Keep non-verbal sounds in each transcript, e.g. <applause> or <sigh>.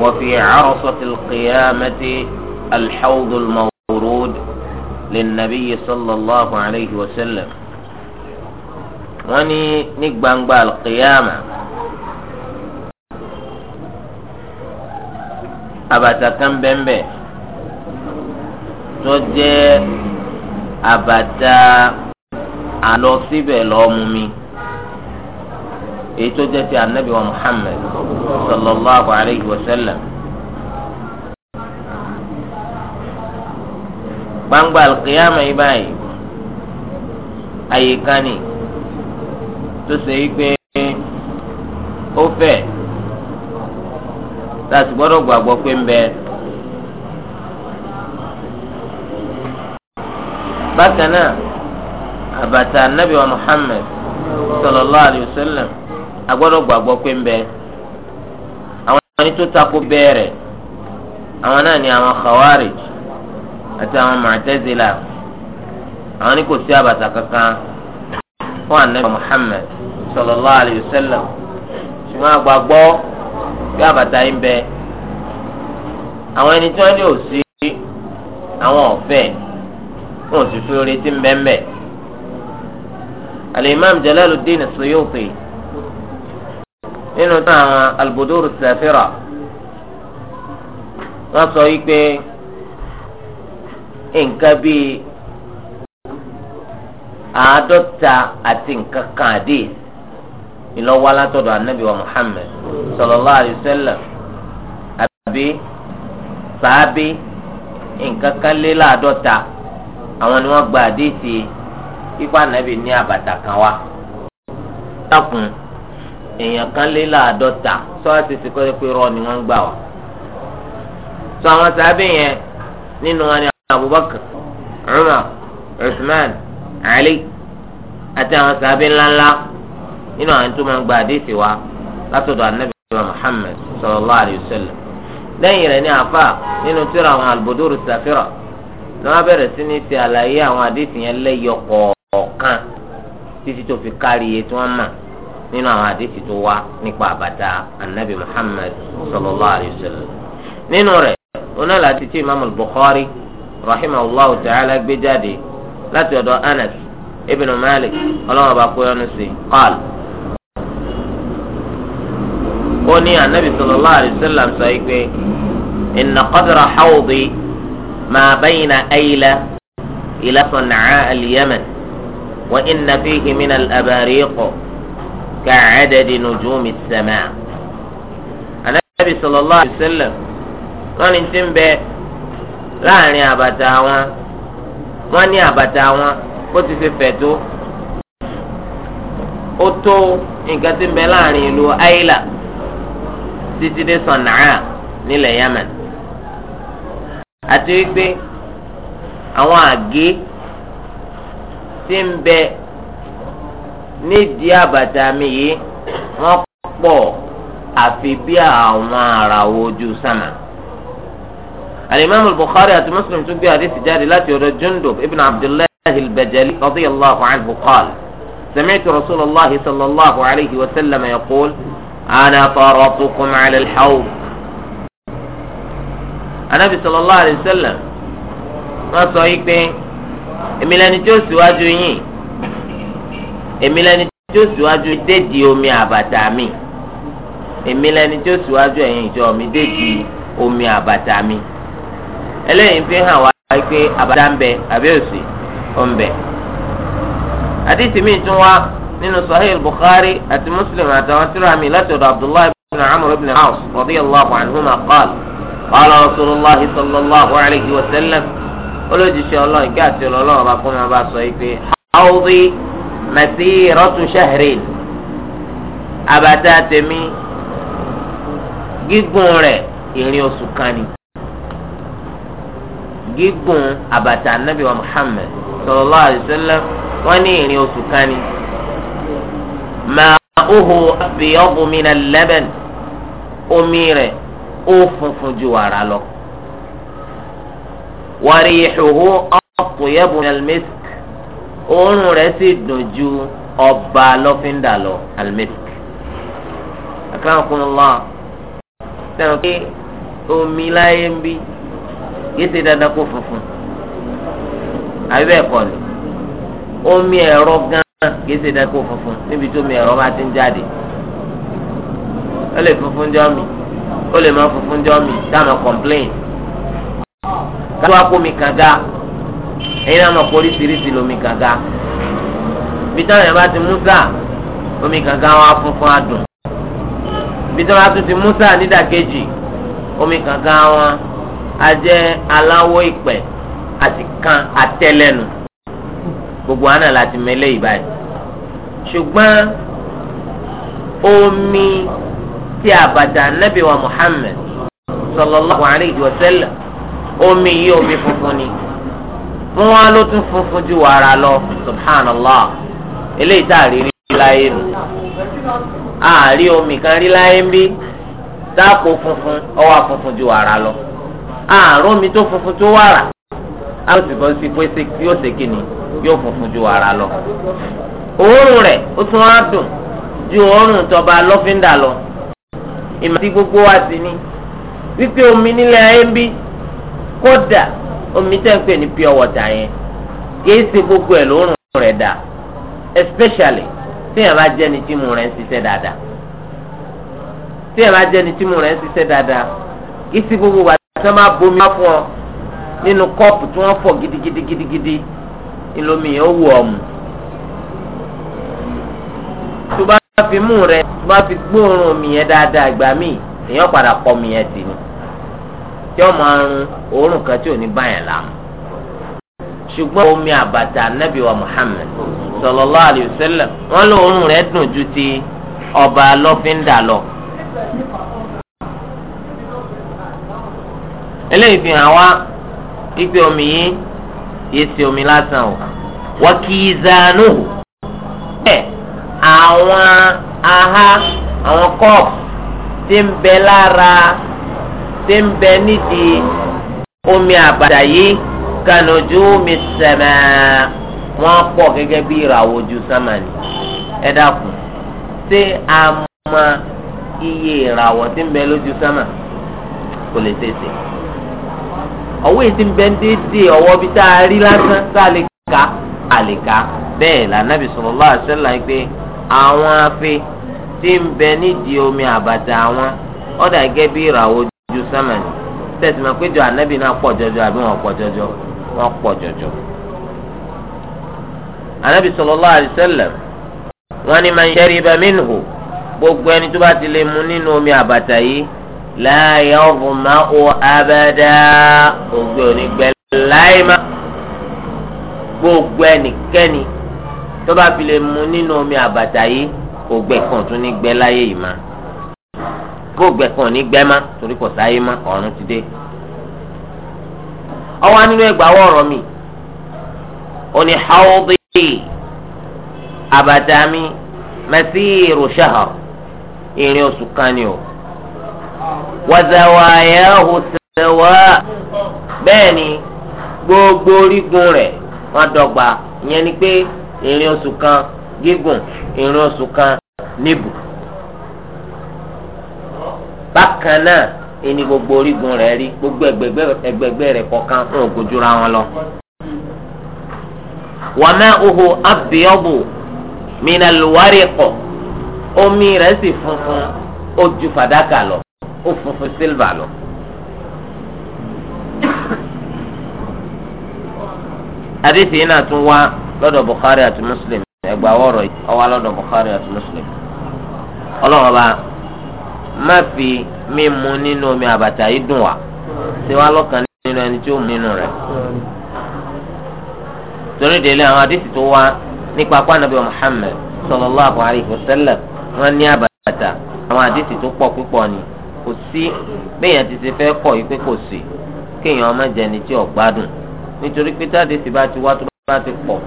وفي عرصة القيامة الحوض المورود للنبي صلى الله عليه وسلم وني نقبان بالقيامة àbàtà kan bẹ́ẹ̀nbẹ́ tó jẹ́ àbàtà àlọ síbẹ̀ lọ́mú mi èyí tó jẹ́ ti anabi wa Muhammad sallallahu alayhi wa sallam. gbangba alqiyama yìí báyìí àyíká tó ṣe é pé ó fẹ́ẹ́ láti gbọ́dọ̀ gbàgbọ́ pé ń bẹ. bákan náà àbàtà anabi wa Muhammad sallallahu alayhi wa sallam agbọ́dọ̀ gbàgbọ́ pé ń bẹ. àwọn ẹni tó takò bẹ́ẹ̀rẹ̀ àwọn náà ni àwọn khawarij àti àwọn mọ̀tẹ́zìlá àwọn ní kò sí àbàtà kankan fún anabi wa Muhammad sallallahu alayhi wa sallam ṣùgbọ́n àgbàgbọ́ bí àbàtà yín bẹ àwọn ẹni tí wọ́n lè sí àwọn ọ̀fẹ́ wọn ò sì fi oore tí ń bẹ ń bẹ. Al-Imam Jalaluddin Suyuti nínú tí àwọn Al-Budur Safira sọ yìí pé nǹkan bíi àádọ́ta àti nǹkan kan àdéhìí ìlọ́wọ́ alátọ̀dọ̀ anabi wa muhammed sallallahu alayhi wa sallam àbí sàábí nǹkan kan lé láàdọ́ta àwọn ni wọ́n gba àdéhìtì ipa anabi ní àbàtà kan wá. dákun èèyàn kan lé láàdọ́ta sọ́wọ́n ti ti kọ́ni pé rọ́ọ̀ ni wọ́n ń gbà wá. sọ àwọn sàábí yẹn nínú wọn ni abubakar umar usman ali àti àwọn sàábí ńláńlá nínú àwọn tó máa ń gba àdéhìí wa látọ̀dọ̀ anabi wa muhammed sallallahu alayhi wa sallam lẹ́yìn rẹ̀ ní afa nínú tíra àwọn albodoro safira ni wọ́n bẹ̀rẹ̀ sí ní ti àlàyé àwọn àdéhìí yẹn lẹ́yọ kọ̀ọ̀kan títí tó fi kárí iye tí wọ́n mọ̀ nínú àwọn àdéhìí tó wá nípa àbàtà anabi muhammed sallallahu alayhi wa sallam nínú rẹ̀ onála ti tí imaamu bukhari rahimahullah ta'ala gbé jáde láti ọ̀dọ̀ anas ibn malik ọlọ́wọ́n bá sí qaal ó ní anabi sallallahu alayhi wa sallam sọ yìí pé inna qadra hawdi ma bayna ayla ila sana'a al-yaman wa inna fihi min al-abariq ka'adadi nujumi as-sama' anabi sallallahu alayhi wa sallam wọ́n ní ti ń bẹ láàrin àbàtà wọn wọ́n ní àbàtà wọn ó ti ṣe fẹ̀ tó ó tó nǹkan ti ń bẹ láàrin ìlú ayla títí dé Sànàá nílẹ̀ Yemen àti wípé àwọn àgé tí ń bẹ nídìí àbàtà mi yìí wọ́n pọ̀ àfi bí àwọn àràwọ̀ ojú sánmà. الإمام البخاري أتى مسلم تبي حديث جاري لا جندب ابن عبد الله البجلي رضي الله عنه قال سمعت رسول الله صلى الله عليه وسلم يقول أنا طارتكم على الحوض anabi sallallahu alayhi wa sallam wọ́n sọ yìí pé èmi lẹni tí ó síwájú yín èmi lẹni tí ó síwájú dédìí omi àbàtà mi èmi lẹni tí ó síwájú ẹ̀yin ìjọ mi dédìí omi àbàtà mi eléyìí fi hàn wá pé àbàtà ń bẹ àbí òsì ó ń bẹ àdìsí mi tún wá nínú sahih bukhari àti muslim àtàwọn tíra mi láti ọ̀dọ̀ abdullahi ibn amr ibn aws radiyallahu anhuma qaal qaala rasulillah sallallahu alayhi wa sallam olójúṣe ọlọ́run kí àti ọlọ́run ọba fún mi ọba sọ yìí pé hawdi masiratu shahrin abata tèmi gígùn rẹ̀ ìrìn oṣù kan ni gígùn abata anabi wa muhammad sallallahu alayhi wa sallam wọ́n ní ìrìn oṣù kan ni màáhù abiyadu min al-laban omi rẹ̀ ó funfun ju wàrà lọ wa rihuhu atyabu min al-misk òórùn rẹ̀ sì dùn ju ọba lọ́fíńdà lọ al-misk akramakumullah sẹ́wọ̀n pé omi láyé ń bí yìí dandan kó funfun àbí ni omi ẹ̀rọ gan kìí ṣe dáko funfun níbi tó mi ẹ̀rọ bá ti ń jáde ó lè funfun jọ mi ó lè má funfun jọ mi dáná complain kájú wá kó mi kàga ẹ̀yin náà mọ̀ pé oríṣiríṣi lomi kàga bí táwọn yẹn bá ti mú sáà omi kàga wọn á funfun adùn bí táwọn bá tún ti mú sáà nídàkejì omi kàga wọn á aláwọ̀ ìpẹ́ àti kan àtẹlẹ́nu gbogbo àná láti mẹlẹ ìbáyìí ṣùgbọ́n omi tí àbàtà Ànábì wa Muhammad sallallahu alayhi wa sallam omi yìí omi funfun ni fún wa ló tún funfun ju wàrà lọ subhanallah eléyìí tá a rí rí láyé nù àárí omi kan rí láyé ń bí dáàpọ̀ funfun ọwọ́ funfun ju wàrà lọ àárọ̀ omi tó funfun tó wàrà àwọn sì kọ́ sí pé yóò ṣe kíni yóò funfun ju ara lọ. òórùn rẹ̀ ó tún á dùn ju òórùn tọba lọ́fíńdà lọ. ìmọ̀ tí gbogbo wa sì ní wípé omi nílẹ̀ ayé ń bí kódà omi tẹ́ ń pè ní pure water yẹn kìí ṣe gbogbo ẹ̀ lóòrùn rẹ̀ dà especially téèyàn bá jẹ́ni tí mu rẹ̀ ń ṣiṣẹ́ dáadáa téèyàn bá jẹ́ni tí mu rẹ̀ ń ṣiṣẹ́ dáadáa kìí ṣe gbogbo wa tí wọ́n máa bomi wá fún ọ nínú kọ́ọ̀pù tí wọ́n gidigidi gidigidi ìlómi yẹn ó wù ọ́ mu. tó bá fi mú rẹ tó bá fi gbóòórùn omi yẹn dáadáa ìgbà míì èèyàn padà pọ̀ omi yẹn dì ní. tí ọmọ arun òórùn kan tí ò ní báyẹn omi àbàtà ànábì wa Muhammad sallallahu alayhi wọ́n lọ ju ti ọba lọ́fíńdà lọ. eléyìí fi hàn ipe omi yìí yìí ti omi lásán o wakizanu bẹ́ẹ̀ àwọn aha àwọn kọp tí ń bẹ lára tí ń bẹ nídìí omi àbàdà yìí kanojú mi sẹmẹ wọn pọ̀ gẹ́gẹ́ bí ìràwọ̀ ojú sámánì ẹ dákun ṣé a mọ iye ìràwọ̀ tí ń bẹ lójú sámà kò lè tètè ọwọ́ èsì ń bẹ ń dédé ọwọ́ bí tá a rí lásán tá a lè ká a lè ká bẹ́ẹ̀ lànàbì sallallahu alaihi wasallam pé àwọn afe tí ń bẹ nídìí omi àbàtà àwọn ọ̀dà gẹ́gẹ́ bí ìràwọ̀ ojú sámánì tẹ̀sí ma pé jọ ànábì náà pọ̀ jọjọ àbí wọn pọ̀ jọjọ wọn pọ̀ jọjọ. ànábì sallallahu alaihi wasallam wọn ni man shariba minhu gbogbo ẹni tó bá ti lè mu nínú omi àbàtà yìí Láyé láàyè ọ̀gbọ̀nmá o abẹ́dá ògbé onígbẹ́ láìmá gbogbo ẹnikẹ́ni tó bá fi lè mu nínú omi àbàtà yìí ògbẹ́ kan tún ní láyé yìí máa. gbogbo ẹ̀kan ní gbẹ́ má torí kò sáyé má ọ̀run ti dé. ọwọ́ nínú ẹgbàáwọ̀ ọ̀rọ̀ mi ò ní hawdi àbàtà mi mẹ́sì ìròṣà ìrìn oṣù kan ni o. wàzàwàyàhù tẹwà bẹ́ẹ̀ ni gbogbo orígun rẹ̀ wọ́n dọ́gba ìyẹn ni pé ìrìn oṣù kan gígùn ìrìn oṣù kan níbù bákan náà ẹni gbogbo orígun rẹ̀ rí gbogbo ẹgbẹgbẹ rẹ̀ kọ̀ọ̀kan ń ògójúra wọn lọ. wàmẹ́ oho abiyọ́bù minaluwari kọ̀ omi rẹ̀ sì funfun ó ju fàdákà lọ. ó funfun sílvà lọ. àdìsí yìí náà tún lọdọ lọ́dọ̀ atụ Muslim ẹgbà ọ̀rọ̀ yìí ó wá lọ́dọ̀ Bukhari Muslim ọlọ́run ọba má fi mímu nínú omi àbàtà yìí dùn wá ṣé wá lọ́kàn nínú ẹni tí ó mú nínú rẹ̀ torí délé àwọn àdìsí tó wá nípa kwanabi Muhammad sallallahu alaihi wasallam wọn ní àbàtà àwọn àdìsí tó pọ púpọ̀ ni kò sí béèyàn ti ṣe fẹ́ kọ̀ yìí pé kò sí kéèyàn ọmọ jẹni tí ò gbádùn nítorí pé táde sì bá ti wá tó bá ti pọ̀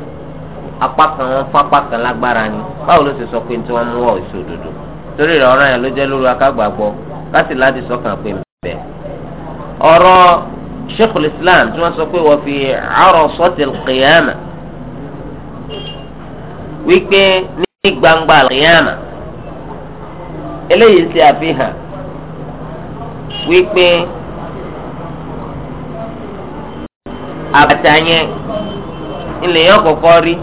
apá kan wọn fápá kan lágbára ni báwo ló ṣe sọ pé tí wọ́n mú wọ̀ ìṣòdodo torí rẹ̀ ọ̀ràn yẹn ló jẹ́ lórí akágbàgbọ́ láti láti sọ́kàn pé bẹ́ẹ̀. ọ̀rọ̀ sheikhul islam tí wọ́n sọ pé wọ́n fi arasatil qiyama wípé ní gbangba al eléyìí ṣe àfihàn wípé abata yẹn ilẹ̀ yẹn kọ̀kọ́ rí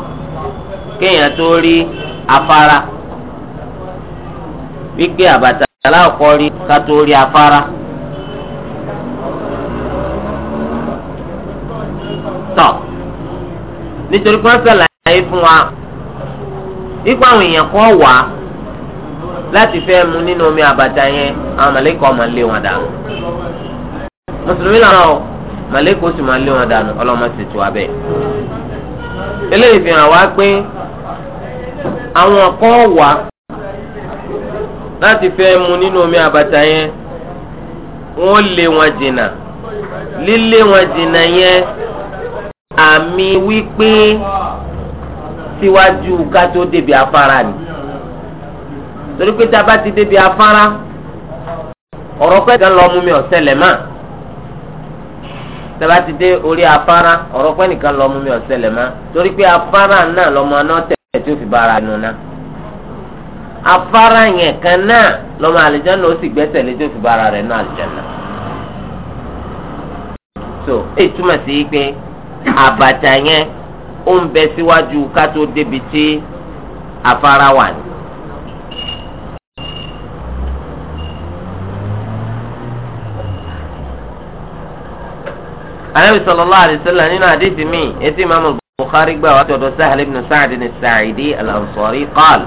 kéèyàn tó rí afárá wípé àbàtà aláwọ̀kọ́ rí ká tó rí afárá. nítorí pé wọ́n fún wa wípé láti fẹ́ mu nínú omi àbàtà yẹn àwọn màlẹ́kọ̀ máa lé wọn dànù mùsùlùmí náà o màlẹ́kọ̀ sì máa lé wọn dànù ọlọ́mọ sì tù abẹ́ eléyìí fi hàn wá pé àwọn kan wà láti fẹ́ mu nínú omi àbàtà yẹn wọ́n lé wọn jìnnà lílé wọn jìnnà yẹn àmì wípé síwájú ká tó débi afárá ni torí pé tá a bá ti débi afárá ọ̀rọ̀ pẹ́ kan lọ mú mi ọ̀sẹ̀lẹ̀ mọ́ tá a bá ti dé orí afárá ọ̀rọ̀ pẹ́ nìkan lọ mú mi ọ̀sẹ̀lẹ̀ mọ́ torí pé afárá náà lọ́mọ náà tẹ̀lé tí ó fi bára nu ná afárá yẹn kan náà lọ́mọ àlìjáná ó sì gbẹ́sẹ̀ lé tí ó fi bára rẹ̀ náà so èyí túmọ̀ sí pé àbàtà yẹn ó ń bẹ síwájú ká tó débi tí afárá wà ní. anabi sallallahu alayhi wa sallam nínú àdìsí mi etí imaamu bukhari gba wa tọ̀dọ̀ sahal ibn sa'ad ibn sa'idi al-ansari qaal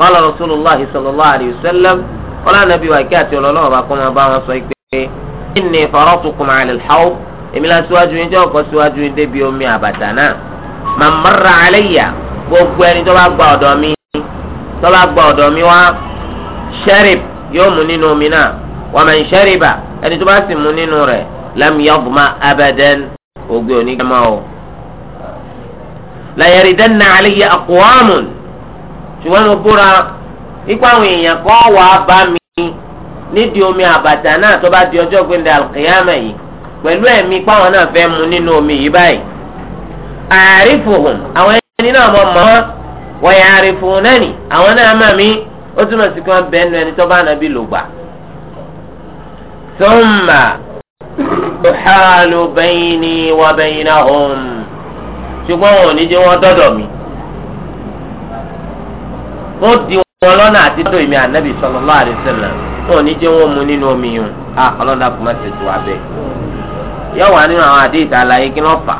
qaala rasulillah sallallahu alayhi wa sallam qala anabi wa kíyàtì ọlọ́lọ́wọ́ bá kọ́mọ bá wọn sọ pé inni faratukum ala al-hawd èmi la síwájú yín jẹ́ ọkọ̀ síwájú yín débi omi àbàtà náà man marra gbogbo ẹni tó gba ọ̀dọ̀ mi tó gba ọ̀dọ̀ mi wá sharib yóò mu nínú omi náà wa man ẹni tó sì mu nínú rẹ̀ lam yadma abadan ogbe onígbàmọ́ o. la yaridanna alayya aqwamun ṣùgbọ́n mo búra ikú àwọn èèyàn kan wà á bá mi nídìí omi àbàtà náà tó bá di ọjọ́ gbẹ̀ndẹ̀ alqiyama yìí pẹ̀lú ẹ̀mí páwọn náà fẹ́ mu nínú omi yìí báyìí. àrífòhùn àwọn ẹni náà mọ̀ mọ́ wa ya'rifunani àwọn náà mọ̀ mí ó túmọ̀ sí kí wọ́n bẹ́ẹ̀ nu ẹni tó bá nàbí lògbà. thumma tuhalu bayni wa baynahum ṣùgbọ́n wọn ò ní jẹ́ wọ́n dọ́dọ̀ mi wọ́n di wọn lọ́nà àti dọ́dọ̀ èmi ànábì sallallahu alaihi wasallam wọn ò ní jẹ́ wọ́n mu nínú omi yìí a ọlọ́dà kò má ṣètò abẹ́ yóò wà nínú àwọn àdé ìtàláyé kí wọ́n fà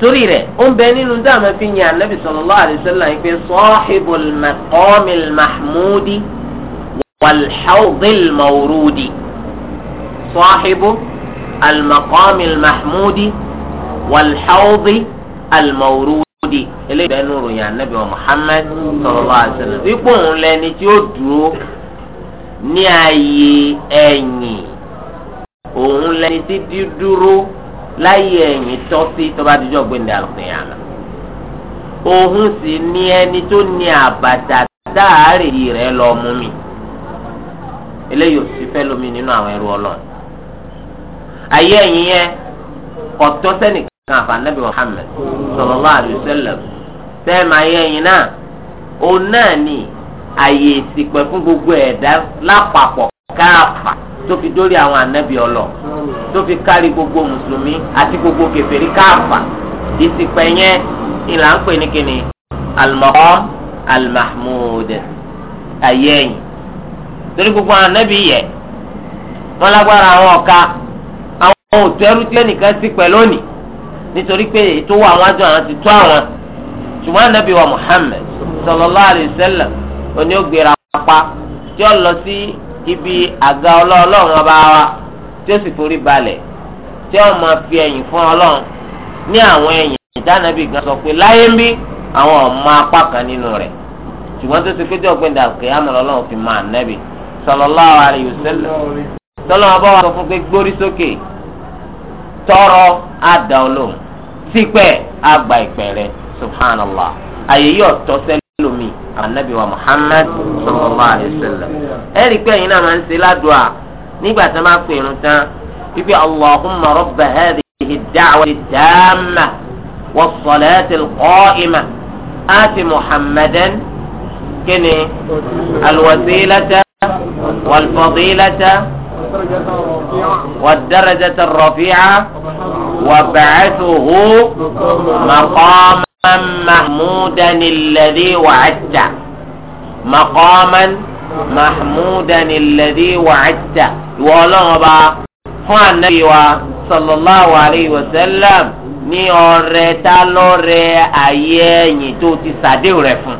torí rẹ̀ ó ń bẹ nínú dáàmú fi yin anabi sallallahu alaihi wasallam yìí pé sahibul maqamil mahmudi صاحب المقام المحمود والحوض المورود eléyìí bẹ́ẹ̀ يا النبي anabi wa muhammed sallallahu alaihi wasallam wípé òun lẹni tí ó dúró ní ààyè ẹ̀yìn òun lẹni tí dídúró láyè ẹ̀yìn tọ́ sí tó bá dijọ́ gbẹ̀ndẹ̀ àlùkìyàmà òun sì ní ẹni tó ní àbàtà dáàrí rẹ̀ lọ́ọ́ mú mi eléyìí ò sí fẹ́ lómi nínú àwọn ẹrú ọlọ́run. ayé ẹ̀yìn yẹn ọ̀tọ́ sẹ́nìkan àfànàbí muhammed sallallahu alaihi wasallam sẹ́ẹ̀mà ayé ẹ̀yìn náà òun náà fún gbogbo ẹ̀dá lápapọ̀ tó àwọn ànábì ọlọ tó fi gbogbo mùsùlùmí àti gbogbo yẹn ń pè ní kíni ayé torí wọn ò tó ẹrú tí ẹnìkan sí pẹ̀ lónìí nítorí pé ètò wà wọn àwọn ti tó àwọn ṣùgbọ́n anabi wa Muhammad sallallahu alayhi wa sallam oní ògbéra pa tí ó lọ sí ibi àga ọlọ́ọ̀lọ́run ọba wa tí ó sì forí balẹ̀ tí ó máa fi ẹ̀yìn fún ọlọ́run ní àwọn ẹ̀yìn ìdánabi gan sọ pé láyé ń bí àwọn ọmọ apá kan nínú rẹ̀ ṣùgbọ́n tó ti péjọ gbẹ̀dà òkè àmàlà fi máa nẹ́bi sallallahu alayhi wa sallam tọ́lọ́mọba wa sọ tọrọ àdá olóhùn sípẹ́ àgbà ìpẹ́ rẹ subhanallah àyè yóò tọ́ sẹ́lómi anabi wa muhammad sallallahu alayhi wa sallam ẹ̀rí pé ẹ̀yin náà máa ń ṣe ládùá nígbà tí wọ́n bá pè irun tán wípé allahumma rabba hadhihi dawa ad-damma salati al ati muhammadan kini al-wasilata والدرجة الرفيعة وابعثه مقاما محمودا الذي وعدته مقاما محمودا الذي وعدته ولغبا fún anabi wa sallallahu alayhi wa sallam ní ọrẹ tá lọrẹ ayé ẹyìn tó ti sàdéhùn rẹ fún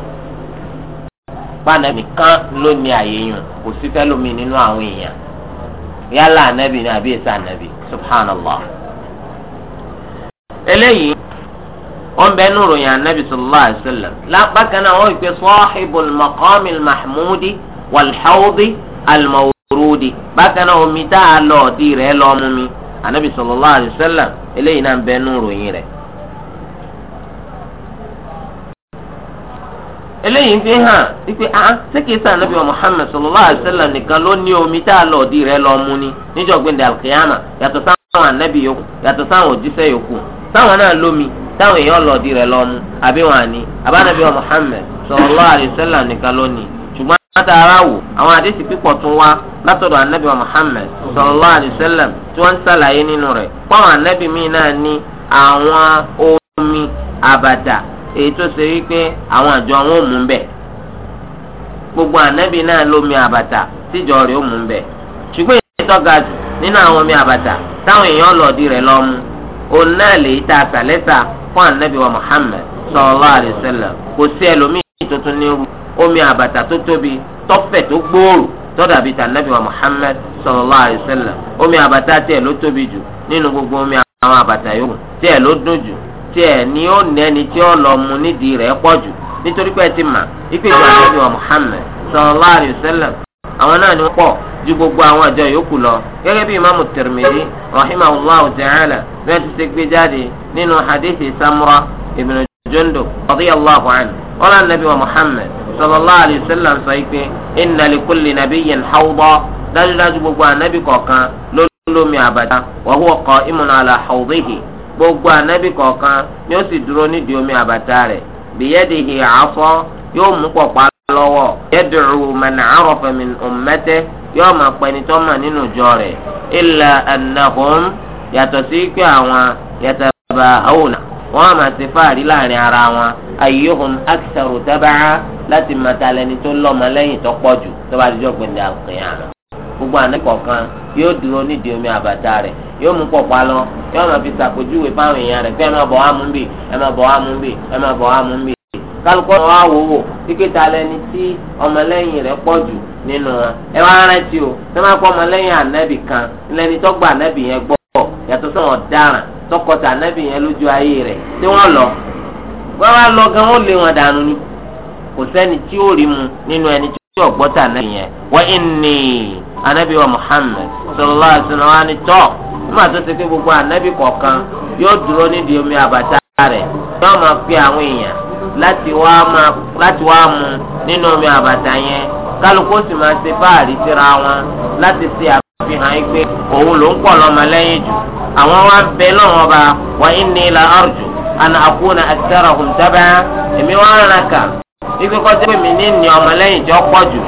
pànàbì kan ló ní àyè yùn kò sí fẹ́ lómi nínú àwọn èèyàn yálà anabi ni àbí ẹsẹ anabi subhanallah. eléyìí wọn bẹ nù ròyìn anabi sallallahu alayhi wa sallam bákan náà wọn ìpè sọ́ọ́hìbùl maqamil mahmudi walhawdi almawrudi bákan náà omi tá a lọ ọ̀dí rẹ̀ lọ́ọ́ mú mi anabi sallallahu alayhi wa sallam eléyìí náà bẹ nù ròyìn rẹ̀. eléyìí fi hàn wípé ah sékèésà anábìyà muhammed sallallahu alayhi wa sallam nìkan ló ní omi tá a lọ ọdí rẹ̀ lọ mú ni níjọ́ gbẹ̀ndẹ̀ alkiyama yàtọ̀ sáwọn anábì yòókù yàtọ̀ sáwọn òjíṣẹ́ yòókù sáwọn náà lómi táwọn èèyàn lọ ọdí rẹ̀ lọ mú àbí wọn àní àbá anábìyà muhammed sallallahu alayhi wa sallam nìkan ló ní ṣùgbọ́n látara wò àwọn àdéhìí pípọ̀ tún wá látọ̀dọ̀ anábìyà muhammed sallallahu alayhi wa sallam tí wọ́n ń èyí tó ṣe wípé àwọn àjọ wọn ò gbogbo ànábì náà lómi àbàtà tíjọ rẹ̀ ó mú ṣùgbọ́n èyí ninu jù nínú àwọn omi àbàtà táwọn èèyàn lọ́ọ̀dì rẹ̀ lọ́ọ́ òun náà lè ta fún wa Muhammad sallallahu alaihi wasallam kò sí ẹlòmíì tó ní irú omi àbàtà tó tóbi tọ́fẹ̀ tó gbòòrò tọ́dà bíi wa omi àbàtà tiẹ̀ ló tóbi jù nínú gbogbo omi àwọn àbàtà tiẹ̀ ló dùn tiẹ̀ ni ó nà ẹni tí ó lọ mu nídìí rẹ̀ pọ̀ jù nítorí pé ẹ ti mà ipe ìjọ ànábì wa Muhammad sallallahu alayhi wa sallam àwọn náà ni wọ́n pọ̀ ju gbogbo àwọn àjọ yòókù lọ gẹ́gẹ́ bí imaamu Tirmidhi rahimahullahu ta'ala bẹ́ẹ̀ ti ṣe gbé jáde nínú hadithi Samura ibn Jundub radiyallahu anhu wọ́n lọ nàbí wa Muhammad sallallahu alayhi wa sallam sọ pé inna li kulli nabiyyin hawda dájúdájú gbogbo ànábì kọ̀ọ̀kan ló lómi àbàdá wa huwa qa'imun ala hawdihi gbogbo anabi kọ̀ọ̀kan yóò sì dúró nídìí omi àbàtà rẹ̀ bìyẹ́dìhì àáfọ́ yóò mú pọ̀pá lọ́wọ́ yẹ́dùrú mẹ́nà àròfẹ̀mí ọ̀mẹ́tẹ́ yóò máa pẹni tó mà nínú ìjọ rẹ̀ ilà ẹ̀nàkùn yàtọ̀ sí pé àwọn yàtọ̀ bá àwòrán wọn máa ṣe fáàrí láàrin ara wọn ayyuhum aksaru taba'a láti tó lọ́mọ gbogbo ànákọ̀ kan yóò dúró nídìí omi àbàtà rẹ̀ yóò mú pọ̀pá lọ yóò máa fi ṣàpèjúwe fáwọn èèyàn rẹ̀ pé ẹ máa bọ̀ wá mú bì ẹ máa bọ̀ wá mú bì ẹ máa bọ̀ wá mú bì kálukọ́ wa wò wò lẹni tí ọmọlẹ́yìn o tí wọ́n kọ́ ọmọlẹ́yìn kan lẹni yẹn gbọ́ yàtọ̀ sọ̀rọ̀ dáràn yẹn lójú ayé lọ anabi wa muhammed sallallahu alaihi wa ni tọ́ ti gbogbo anabi kọ̀ọ̀kan yóò dúró nídìí omi abata rẹ̀ yóò máa pe àwọn èèyàn láti wá mu nínú omi yẹn sì síra wọn láti àfihàn yìí pé òun ló ń lẹ́yìn jù àwọn wa bẹ náà wọn bá wa inni la arju an akuna aktharahum tabi'a èmi wá ń ra kà ikú kọ́sẹ́ mi ní jọ jù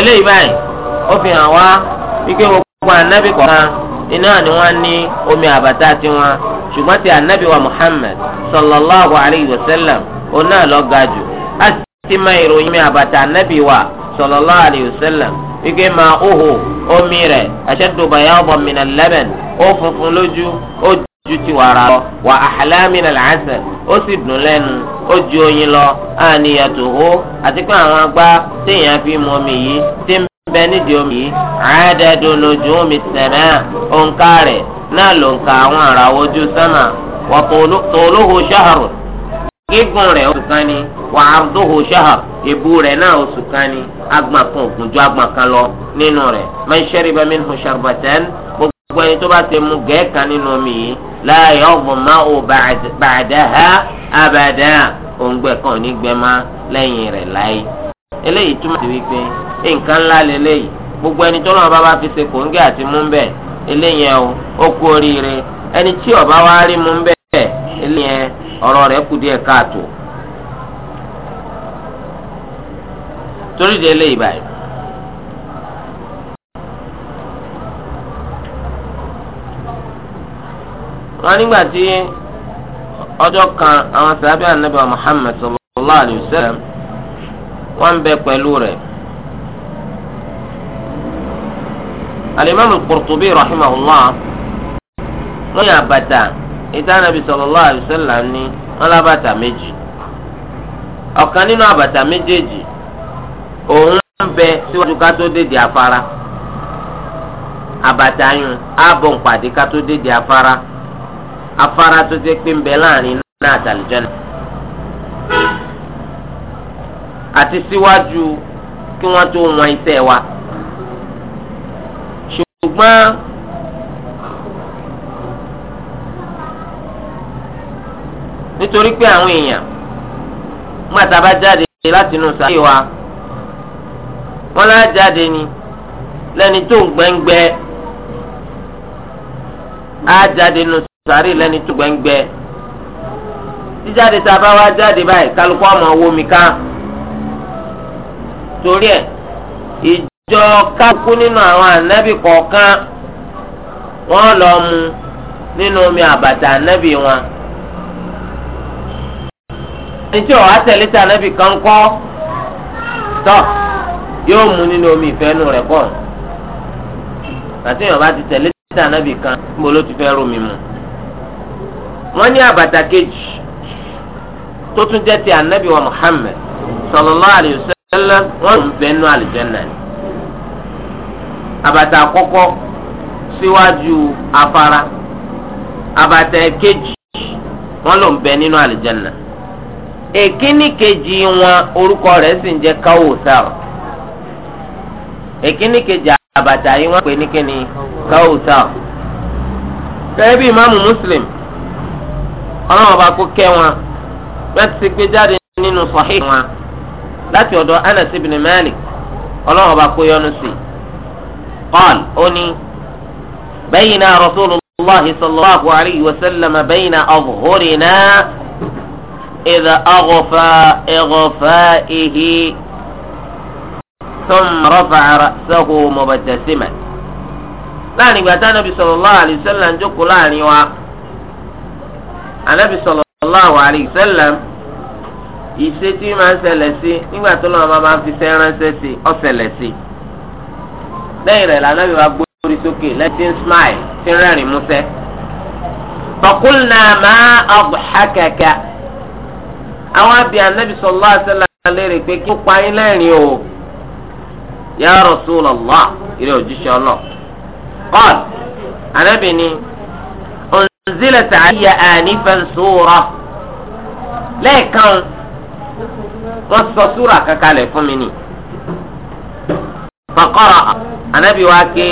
eléyìí báyìí ó fi hàn wá wípé gbogbo ànábì kọ̀ọ̀kan iná ni wọ́n ní omi àbàtà tiwọn ṣùgbọ́n ti ànábì wa Muhammad sallallahu alayhi wa sallam òun náà lọ ga jù á sì máa ìròyìn omi àbàtà ànábì wa sallallahu alayhi wa sallam wípé máa hóhò omi rẹ̀ ashaddu bayadun min al-laban ó funfun lójú ó ju ti wàrà lọ wà àhàlámìnà làásẹ̀ ó sì dùn lẹ́nu ó ju oyin lọ àníyàtò hó àti pé àwọn agbá téèyàn fi mu omi yìí ti ń bẹ nídìí omi yìí àádẹ́dùn lójú omi sẹ̀mẹ́ òǹkà rẹ̀ náà ló ń ka àwọn àràwọ̀ ojú sánà wà tòlóhùn ṣáhàrù gígùn rẹ̀ oṣù kan ni wà àrùdóhùn ṣáhàrù ìbú rẹ̀ náà oṣù kan ni agbọ̀n ògùn ju agbọ̀n lọ nínú rẹ̀ mẹ́ṣẹ́rì ṣàrùbàtẹ́n gbogbo ẹni tó bá ti mu gẹ́ẹ̀kan nínú omi yìí la yadma'u ba'daha abada òǹgbẹ kan ní gbẹmá lẹ́yìn rẹ̀ láyé. eléyìí túmọ̀ sí wípé nǹkan ńlá lélẹ́yìí gbogbo ẹni tó náà bá bá fi ṣe kòńgẹ́ àti mú bẹ́ẹ̀ ẹ̀ ó kú oríire ẹni tí ọba wa rí mú bẹ́ẹ̀ ọ̀rọ̀ kù díẹ̀ wọn nígbà tí ọjọ́ kan àwọn sábẹ́ ànábì Muhammad sallallahu alayhi wa sallam wọ́n ń bẹ pẹ̀lú rẹ̀. الإمام القرطبي رحمه الله abata بتا إذا sallallahu صلى الله عليه وسلم ني ولا بتا méjì ọ̀kan nínú àbàtà méjèèjì òun ń bẹ síwájú di afara dédé afárá àbàtà yun ààbò ń pàdé ká Afara tó ṣe pé ń bẹ láàrin náà àtàlùjọ́nà. àti síwájú kí wọ́n tó wọn iṣẹ́ wa. ṣùgbọ́n nítorí pé àwọn èèyàn mọ́ta bá jáde láti inú sáré wa wọ́n lá jáde ni lẹ́ni tó ń gbẹ́ngbẹ́ á jáde nù sari lẹni tó gbẹ́ngbẹ́ jíjáde tá a bá wá jáde báyìí kálukú ọmọ owó mi ká torí ẹ̀ ìjọ kálukú nínú àwọn ànábì kọ̀ọ̀kan wọ́n lọ mu nínú omi àbàtà ànábì wọn ẹni tí ọ̀há tẹ̀lé tí kan kọ tọ́ yóò mu nínú omi ìfẹ́nu rẹ̀ pọ̀ àti ìyọ̀nba ti tẹ̀lé tí ànábì kan níbo ló ti fẹ́ rómi mu. wọ́n ní àbàtà kejì tó tún jẹ́ ti anabi wa Muhammad sallallahu alayhi wa sallam wọ́n ń bẹ nínú àlùjẹ́nà ni àbàtà àkọ́kọ́ síwájú afárá àbàtà kejì wọ́n ló ń bẹ nínú àlùjẹ́nà èkíní kejì wọn orúkọ rẹ̀ sì ń jẹ́ káwùsàr èkíní kejì àbàtà yìí wọ́n pè ní kíni káwùsàr. gẹ́gẹ́ bí ìmáàmù Muslim ọlọ́run ọba kó kẹ́ wọn wọ́n ti gbé jáde nínú sahih wọn láti ọ̀dọ̀ anas ibn malik ọlọ́run ọba kó yọ́nú sí i qal ó ní bayna rasulullah sallallahu alayhi wa sallam bayna adhhurina idha aghfa ighfa'ihi thumma rafa'a ra'sahu mubtasiman láàrin ìgbà tí anabi sallallahu alayhi wa sallam jókòó láàrin wa anabi sallallahu alayhi wasallam ìṣe tí máa ń ṣẹlẹ̀ sí nígbà tó lọ́wọ́ máa ń fi ṣe ránṣẹ́ sí ọ̀ṣẹlẹ̀ sí lẹ́yìn rẹ̀ lànàbí wa gbórí sókè lẹ́tí ń smile tí ń rẹ́rìn músẹ́. faqulna ma adhakaka àwọn àbí anabi sallallahu alayhi wasallam léèrè pé kí ó pa yín lẹ́rìn o ya Rasulullah ìrẹ́ òjíṣẹ́ ọlọ́ unzilat alayya anifan sura lẹ́ẹ̀kan wọ́n sọ súra kankan lẹ̀ fún mi ni. faqara anabi wa ké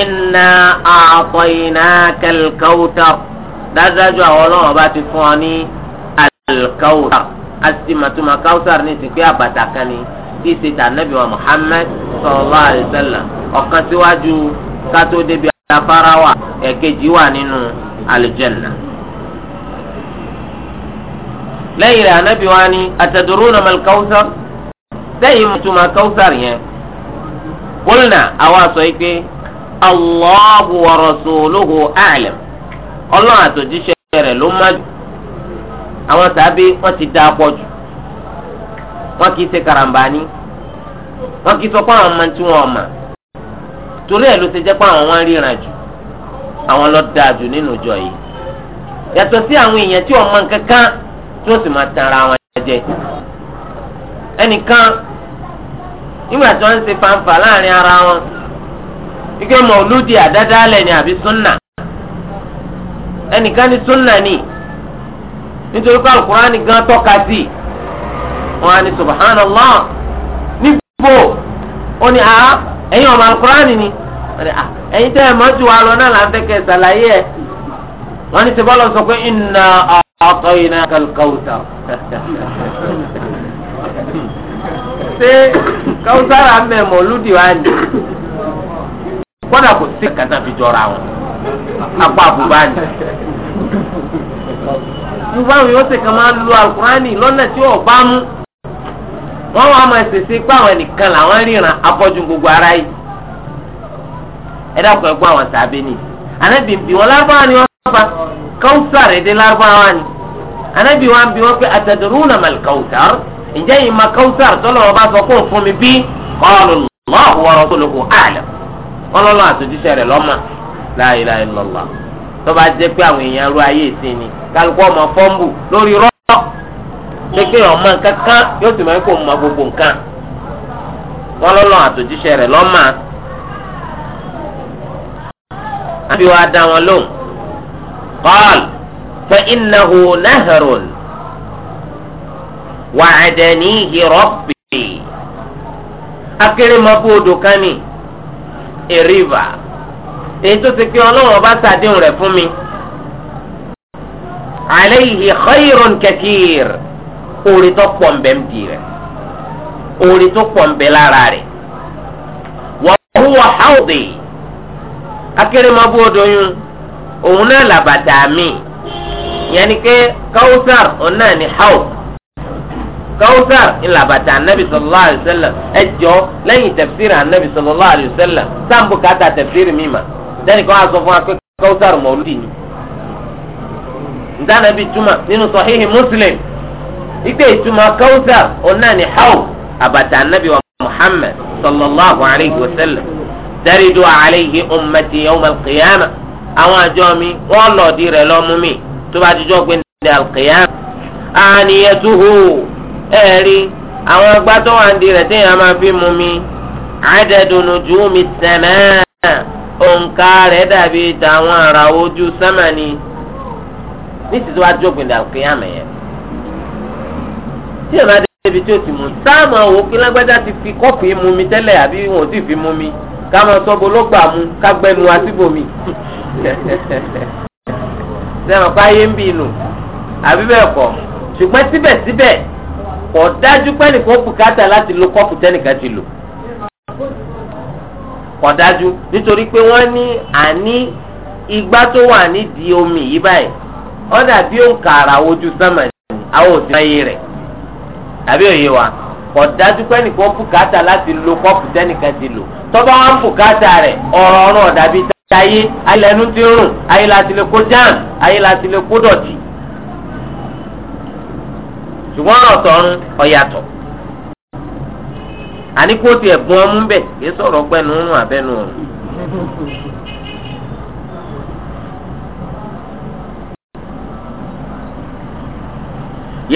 inna a'tainaka al-kawthar dájúdájú àwọn ọlọ́run ọba ti fún ọ ní al-kawthar asimatuma kawthar ní ìsìnkú àbàtà kan ni tí ìṣe tà wa muhammad sallallahu alayhi wa síwájú kátó débi afárá wa ẹ̀kejì wà nínú alìjẹ́nà. lẹ́yìn rẹ̀ anábì wa ni ataduruna mal kawthar sẹ́yìn mùtúmọ̀ kawthar yẹn. qulna àwa sọ yìí pé allahu wa rasuluhu a'lam ọlọ́run àtòjíṣẹ́ rẹ̀ ló má jù àwọn tàbí wọ́n ti dá a pọ̀ jù wọ́n kì í ṣe karambani wọ́n kì í sọ pé àwọn ọmọ tí wọ́n mọ̀ torí ẹ̀ ló ṣe jẹ́ pé àwọn wọn ríran jù àwọn lọ dáa jù nínú ìjọ yìí yàtọ̀ sí àwọn èèyàn tí wọ́n mọ kankan tí wọ́n sì máa tan ara wọn jẹ ẹnìkan nígbà tí wọ́n ń ṣe fanfa láàrin ara wọn ike mọ̀lúdì àdádálẹ̀ ni àbí súnà ẹnìkan ní súnà ni nítorí pé alukurani gan tọ́ka sí i wọn á ní subhanallah níbo ó ní a ẹ̀yin ọmọ alukurani ni. Ah, ẹ̀yin tẹ́ ẹ̀ mọ́jú wa lọ náà là ń fẹ́ kẹ́ ṣàlàyé ẹ̀ wọ́n ní tibọ́lọ̀ sọ pé inna a'tainaka al-kawthar <laughs> ṣé kawusara mẹ́mọ̀ olùdí wa ni kọ́dà kò sí kàtà fi jọra wọn apá àbúbá ni yorùbá àwọn yóò ṣe kàn máa lu alukurani lọ́nà tí yóò bá mú wọ́n wá máa ṣèṣe pé àwọn ẹnìkan làwọn ríran afọ́jú gbogbo ara yìí ẹ dákun ẹ gbọ́ àwọn sàbẹ̀ ni anabi bi wọn lárúbáwá ni wọn fa kawusar èdè lárúbáwá ni anabi wọn bi wọn pé atadruna mal kawusar ǹjẹ́ yìí ma kawusar tọ́lọ̀ wọn bá sọ kó fún mi bí qalu Allahu wa rasuluhu a'lam wọn lọ́lọ́ àtúntìṣe rẹ̀ lọ́mà la ilaha illallah tọ́ba jẹ́ pé àwọn èèyàn ru ayé ìsìn ni kálukú ọmọ fọ́ńbù lórí rọ́ọ̀ pẹ́kẹ́ ọmọ kankan yóò tún mọ́ kó mọ gbogbo nǹkan wọn lọ́lọ́ àtúntìṣe rẹ̀ lọ́mà àbí wàá dá wọn lóhùn. قال فإنه نهر وعدنيه ربي akérèmọ́bòdò kan ní a river èyí tó ti pé ọlọ́run ọba sàdéhùn rẹ̀ fún mi. alayhi khayrun kathir orí tó pọ̀ ń bẹ di rẹ̀ orí tó pọ̀ ń bẹ lára rẹ̀ wa huwa hawdi akérèmọ́bù odòyún òun náà làbàtà mi yẹn ni pé kawusar òun náà ni haus kawusar ńlàbàtà anabi sallallahu alayhi wa sallam ẹjọ lẹ́yìn tẹfsiri anabi sallallahu alayhi wa sallam sáàmù kàtà tẹfsiri mi ma sẹni kan aṣọ fún akpẹ kawusar mọlúdi ni ntànàbí tuma nínú sọhíhi muslim ìgbé ìtumọ̀ kawusar òun náà ni haus àbàtà anabi wa muhammad sallallahu alayhi wa sallam. daridu alayhi ummati yawm al-qiyamah àwọn mi wọ́n lo di rẹ̀ lọ́mú mi tó bá jíjọ́ pé ní al-qiyamah. àníyàtúhù ẹ̀rí àwọn agbátọ́ wà wa di re ma fi mú mi adadu nujumi as-samaa òǹkà rẹ̀ dàbí tàwọn ará ojú sánmà ni ti tó bá jíjọ́ pé ní al-qiyamah yẹn. tí èèyàn ti ti fi mi káma sọ́bù ló gbà mú kágbẹ́nu àtibòmí sẹ́wọ̀n fáyé ń bì nù àbí bẹ́ẹ̀ kọ́ ṣùgbọ́n síbẹ̀síbẹ̀ kò dájú pé nìkan bùkátà láti lo kọ́ọ̀pù tẹ́nìkan ti lò kò dájú nítorí pé wọ́n ní àní igbá tó wà nídìí omi yìí báyìí ó dàbí òǹkà àrà ojú sánmà ni àwọn òsì máa yé rẹ̀ àbí òye wa kò dájú pé ẹnìkan bùkátà láti lo kọ́ọ̀pù tẹ́nìkan ti lò tọ́ba wọn bùkátà rẹ̀ ọ̀rọ̀ ọ̀rọ̀ dàbí táyé ayélujára ti rùn ayé láti lè kó jam ayé láti lè kó dọ̀tí. ṣùgbọ́n ọ̀rọ̀ tọ̀run ọ̀yàtọ̀ àní kó tiẹ̀ bùn ọmú bẹ̀ kì í sọ̀rọ̀ pẹ́nu rún àbẹ́nu ọ̀run.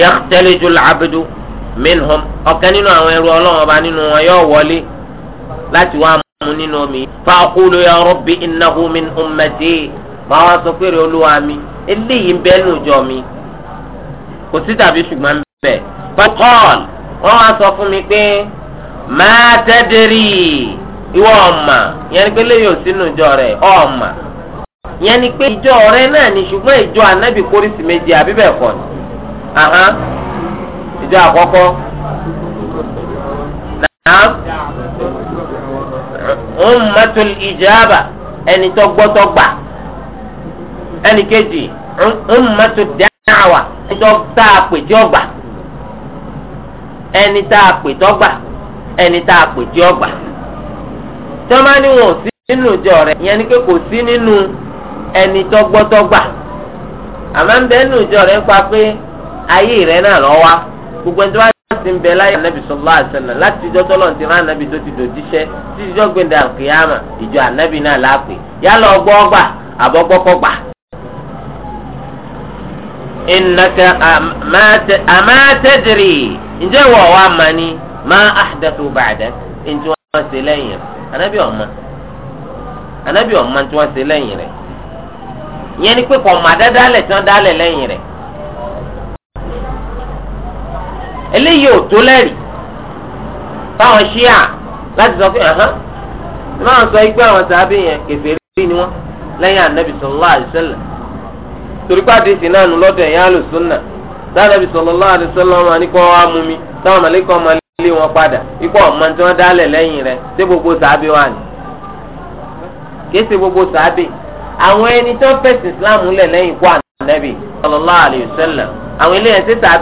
يختلج العبد minhum ọ̀kan nínú àwọn ẹrú ọlọ́run ọba nínú wọn yóò wọlé láti wá mu nínú omi fa aqulu ya rabbi innahu min ummati máa wá sọ pé rẹ olúwa mi eléyìí ń bẹ́ẹ̀ nùjọ mi kò sí tàbí ṣùgbọ́n ń bẹ̀. pọ́kọ́ọ̀lù wọ́n wá sọ fún mi pé máa tẹ́dẹ̀rì ìwọ ọ̀mà yẹn ni pé léyìn òsínú ìjọ rẹ̀ ọ̀mà yẹn ni pé ìjọ rẹ̀ náà ni ṣùgbọ́n ìjọ ànábì kórìsì méjì àbí bẹ́ẹ̀ ìjà àkọ́kọ́ na ummatul ijaba ẹni tó gbọ́ tó gbà ẹni kejì ẹni tó tá a pè tí ó gbà ẹni tá a pè tó gbà ẹni tá a pè tí ó gbà wọn ò sí nínú ìjọ rẹ̀ ìyẹn ni ẹni tó gbọ́ tó gbà àmọ́ ń bẹ́ẹ̀ nínú ìjọ rẹ̀ ń pa pé ayé rẹ̀ náà gbogbo ẹni tó bá ti ń bẹ láyé anabi sọlá àṣẹlẹ láti ìjọ tọ́lọ̀ ti rán anabi tó ti dòjíṣẹ́ tí ìjọ gbẹ̀dẹ̀ àkìyàmà ìjọ anabi náà láàpè yálà ọgbọ́ ọgbà àbọ̀gbọ́kọ̀gbà. ìnàkà àmàtẹ́dìrì ǹjẹ́ wọ̀ mà ní má bàdà ǹjẹ́ wọ́n ṣe lẹ́yìn anabi ọ̀ma anabi ọ̀ma wọ́n ṣe lẹ́yìn rẹ̀ ni pé kọ̀ dá dálẹ̀ tí wọ́n dálẹ̀ lẹ́yìn rẹ̀ eléyìí ò tó lẹ́rìí fáwọn ṣíà láti sọ pé ẹ̀hán tí wọ́n sọ pé àwọn sàábì yẹn kèfèrí ni wọ́n lẹ́yìn ànábì sallallahu alaihi torí pàdé sí náà lọ́dọ̀ ẹ̀yìn àlùsùnà sànábì sallallahu alaihi wasallam wọn ni táwọn ọmọ wọn padà ikú ọ̀mọ tí wọ́n dálẹ̀ lẹ́yìn ṣé gbogbo sàábì wà ní gbogbo sàábì àwọn ẹni tó Islam lẹ̀ lẹ́yìn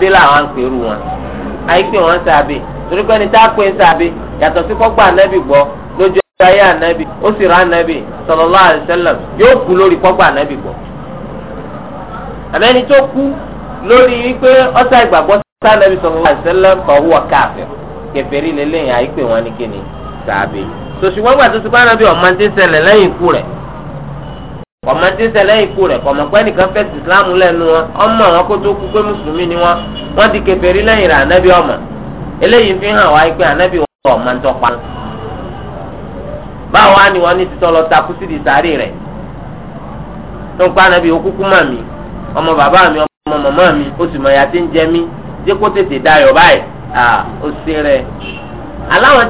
àìpé wọn sàbẹ torí pé ẹni tá a pè ń sàbẹ yàtọ̀ sí kọ́gbà ànábì gbọ́ lójú ayé ànábì ó sì rà ànábì sallallahu alaihi wasallam yóò kú lórí kọ́gbà ànábì gbọ́. àmẹ́ni tó kú lórí wípé ọ̀sà ìgbàgbọ́ sí ànábì sallallahu alaihi wasallam fa huwa kafir kèfèrí lélẹ́yìn àìpé wọn ní kíni sàbẹ. sòṣùwọ́n gbà tó ti pa ànábì ọ̀ ọmọ tí ń ṣẹlẹ̀ ikú rẹ̀ kọmọ pé nìkan fẹsẹ islam lẹ́nu wọn ọmọ wọn kó tó kú pé mùsùlùmí ni wọn wọn di kèfèrí lẹ́yìn rẹ̀ ànábì ọmọ eléyìí fi hàn wá pé ànábì wọn ọmọ báwo á wọn ní lọ takú sí di sáré rẹ̀ tó ń pa ànábì mi ọmọ bàbá mi ọmọ màmá mi oṣù mọ̀ ya ti ń jẹ mí jẹ́ aláwọn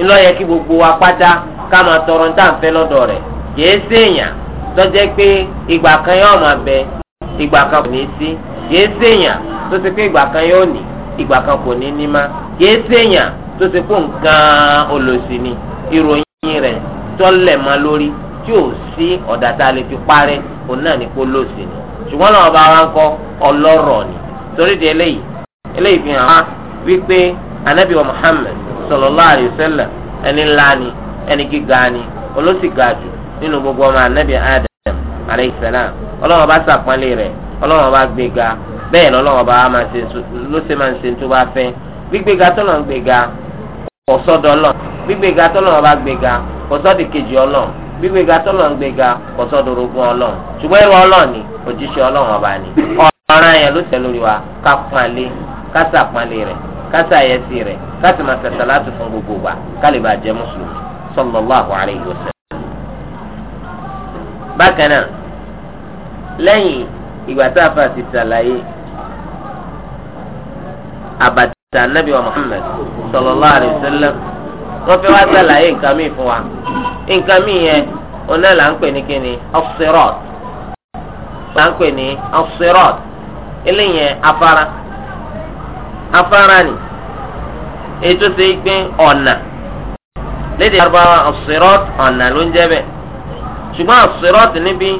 ńlọ yẹ kí gbogbo wa pátá ká máa tọrọ ní tàǹfẹ́ lọ́dọ̀ rẹ̀ kìí séèyàn lọ́jẹ́ pé ìgbà kan yóò máa bẹ ìgbà kan kò ní sí kìí séèyàn tó ṣe pé ìgbà kan yóò ní ìgbà kan kò ní ní má kìí séèyàn tó ṣe pé nǹkan olòṣì ni ìròyìn rẹ̀ tọ́lẹ̀ mọ́ lórí tí ò sí ọ̀dà tá a lè fi parẹ́ òun náà ní kó lòṣì ni ṣùgbọ́n náà ọba wa ń kọ́ ọlọ́rọ̀ ni torí di eléyìí eléyìí fi hàn wípé anabi wa Muhammad sallallahu alaihi wasallam ẹni ńlá ni ẹni gíga ni olóṣì ga jù nínú gbogbo ọmọ anabi adam alaihi salam ọlọ́wọ́n bá sàpọ́nlé rẹ̀ ọlọ́wọ́n bá gbéga bẹ́ẹ̀ ni ọlọ́wọ́n bá ló ṣe máa ń ṣe tó bá fẹ́ gbígbéga tọ́lọ̀ ń gbéga kò sọ́dọ̀ ọlọ́ gbígbéga tọ́lọ̀ ọba gbéga kò sọ́dọ̀ kejì ọlọ́ gbígbéga tọ́lọ̀ ń gbéga kò sọ́dọ̀ orogún ọlọ́ ṣùgbọ́n ẹrù ọlọ́ ni òjíṣẹ́ ọlọ́wọ́n ọba ni ọ̀ràn yẹn ló tẹ̀ lórí wa ká pọ́nlé ká sàpọ́nlé rẹ̀ kásá àyẹ̀sí rẹ̀ kásì máa tẹ̀sán láti fún gbogbo wa kálíbà jẹ́ mùsùlùmí sallallahu alayhi wa sallam. bákan náà lẹ́yìn ìgbà tá a fà ti ṣàlàyé àbàtà nàbí wa Muhammad sallallahu alayhi wa sallam wọ́n fẹ́ wá ṣàlàyé nǹkan mi fún wa nǹkan mi yẹn ọ̀nà là ń pè ní kíni as-sirat ń pè ní as-sirat eléyìí afárá afárá ni ètò ṣe é pín ọ̀nà lédè Lárúbáwá as-sirat ọ̀nà ló ń jẹ́ bẹ́ẹ̀ ṣùgbọ́n as-sirat níbi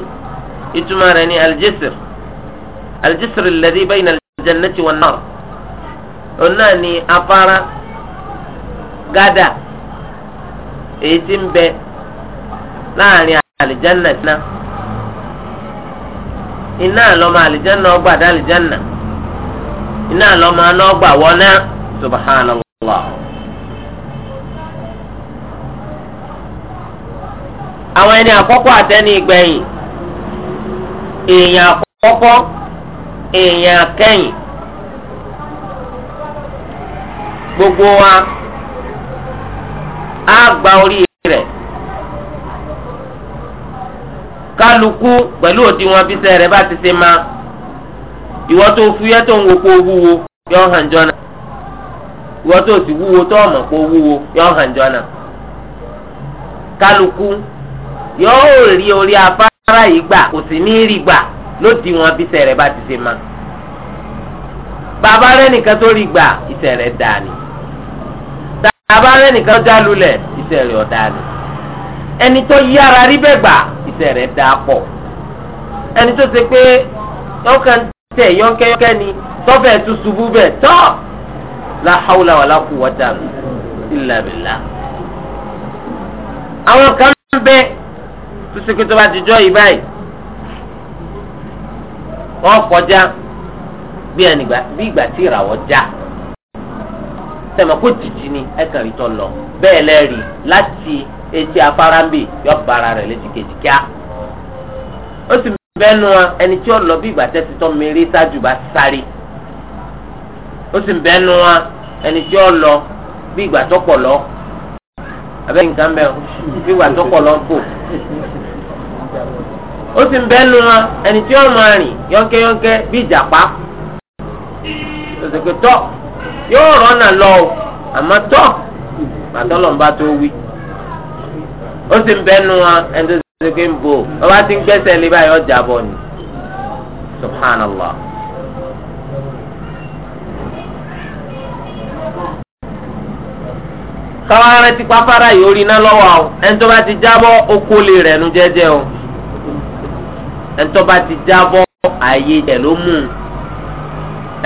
ìtumọ̀ rẹ̀ ní al-jisr al-jisr alladhi bayna al-jannati wan-nar ọ̀nà ni afárá gádà èyí tí ń bẹ láàrin àlìjánná iná iná lọ́mọ àlìjánná ọgbà dá àlìjánná. iná lọ́mọ aná gbà wọ́ná subhanallah. àwọn ẹni àkọ́kọ́ àtẹni ìgbẹ̀yìn èèyàn àkọ́kọ́ èèyàn kẹ́yìn gbogbo wa á gba orí rẹ̀ kálukú pẹ̀lú òdiwọ̀n bísẹ̀ rẹ̀ bá ti ṣe ìwọ tó fúyẹ́ tó ń wo kó wúwo yọ hàn jọ́nà ìwọ tó sì wúwo tó ọ̀mọ̀ kó wúwo yọ hàn jọ́nà kálukú yóò rí orí afárá yìí gbà kò sì ní rí gbà lódì wọn bí sẹ̀rẹ̀ bá ti ṣe máa bàbá rẹ nìkan tó rí gbà iṣẹ́ rẹ̀ dáa ni bàbá rẹ nìkan já lulẹ̀ iṣẹ́ rẹ̀ ọdá ni ẹni tó yára rí bẹ́ẹ̀ gbà iṣẹ́ rẹ̀ pọ̀ ẹni tó ṣe pé ọkàn tẹ̀ yọ́nkẹ́yọ́nkẹ́ ni tọ́fẹ̀ tún ṣubú bẹ̀ tọ́ la hawla wàlá quwwata illa billah. àwọn kan ń bẹ tuntun tó bá ti jọ yìí báyìí wọ́n kọjá bí ẹnìgbà bí ìgbà tí ìràwọ̀ já tẹmọ kó jìjì ni ẹkàn rí tọ lọ bẹ́ẹ̀ lẹẹrí láti etí afárá ń bì yọ bara rẹ̀ létí kejì kíá ó sì bẹ́ẹ̀nu ẹni tí ó lọ bí ìgbà tẹ́tí tọ́ mèrè ṣáájú bá sáré ó sì bẹ́ẹ̀nu ẹni tí ó lọ bí ìgbà tọ́pọ̀ lọ abẹ́yìn nǹkan bẹ́ẹ̀ bí ìgbà tọ́pọ̀ lọ kò ó sì bẹ́ẹ̀nu ẹni tí ó máa rìn yọ́nkẹ́yọ́nkẹ́ bí ìjàpá òsèké tọ́ yóò rọ́nà lọ o àmọ́ tọ́ màtọ́lọ́mbà tó wí ó sì bẹ́ẹ̀nu ẹni tó ṣèké ń bò ọba ti ń gbẹ́sẹ̀ lé báyìí ọjà ni subhanallah. káwọn arántí pápára yìí orí iná lọ́wọ́ o ẹni tó bá ti jábọ́ okó lè rẹ̀ nu jẹ́jẹ́ o ẹni tó bá ti jábọ́ ààyè jẹ̀ ló mú un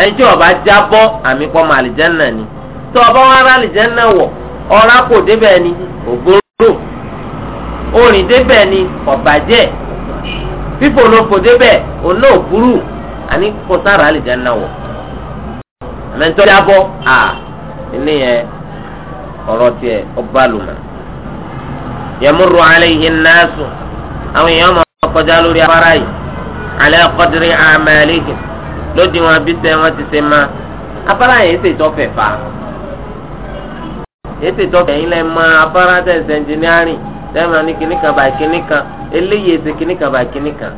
ẹni tí ọba jábọ́ àmì pọ́nmọ́ àlìjẹ́nà ni tó ọba wọn ará àlìjẹ́nà wọ̀ ọ̀rá kò débẹ̀ ni ògbóró. orin débẹ̀ ni ọ̀bàjẹ́ fífò olóko débẹ̀ olóòkúrú àní kò sára àlìjẹ́ náà wọ̀ àmẹ́ńtọ́ jábọ́ à ilé yẹn ọ̀rọ̀ tiẹ̀ ọba lùmọ̀ yẹmúru alayhi naasu àwọn èèyàn máa kọjá lórí afárá yìí ala qadri a'malihim lódì wọn bí sẹ wọn ti ṣe máa afárá yẹn èsè tọ́fẹ̀ fà èsè tọ́fẹ̀ yín lẹ́ máa afárá dẹ́ẹ̀ma ní kíní kan báyìí kíní kan eléyìí èsì kíní kan báyìí kíní kan.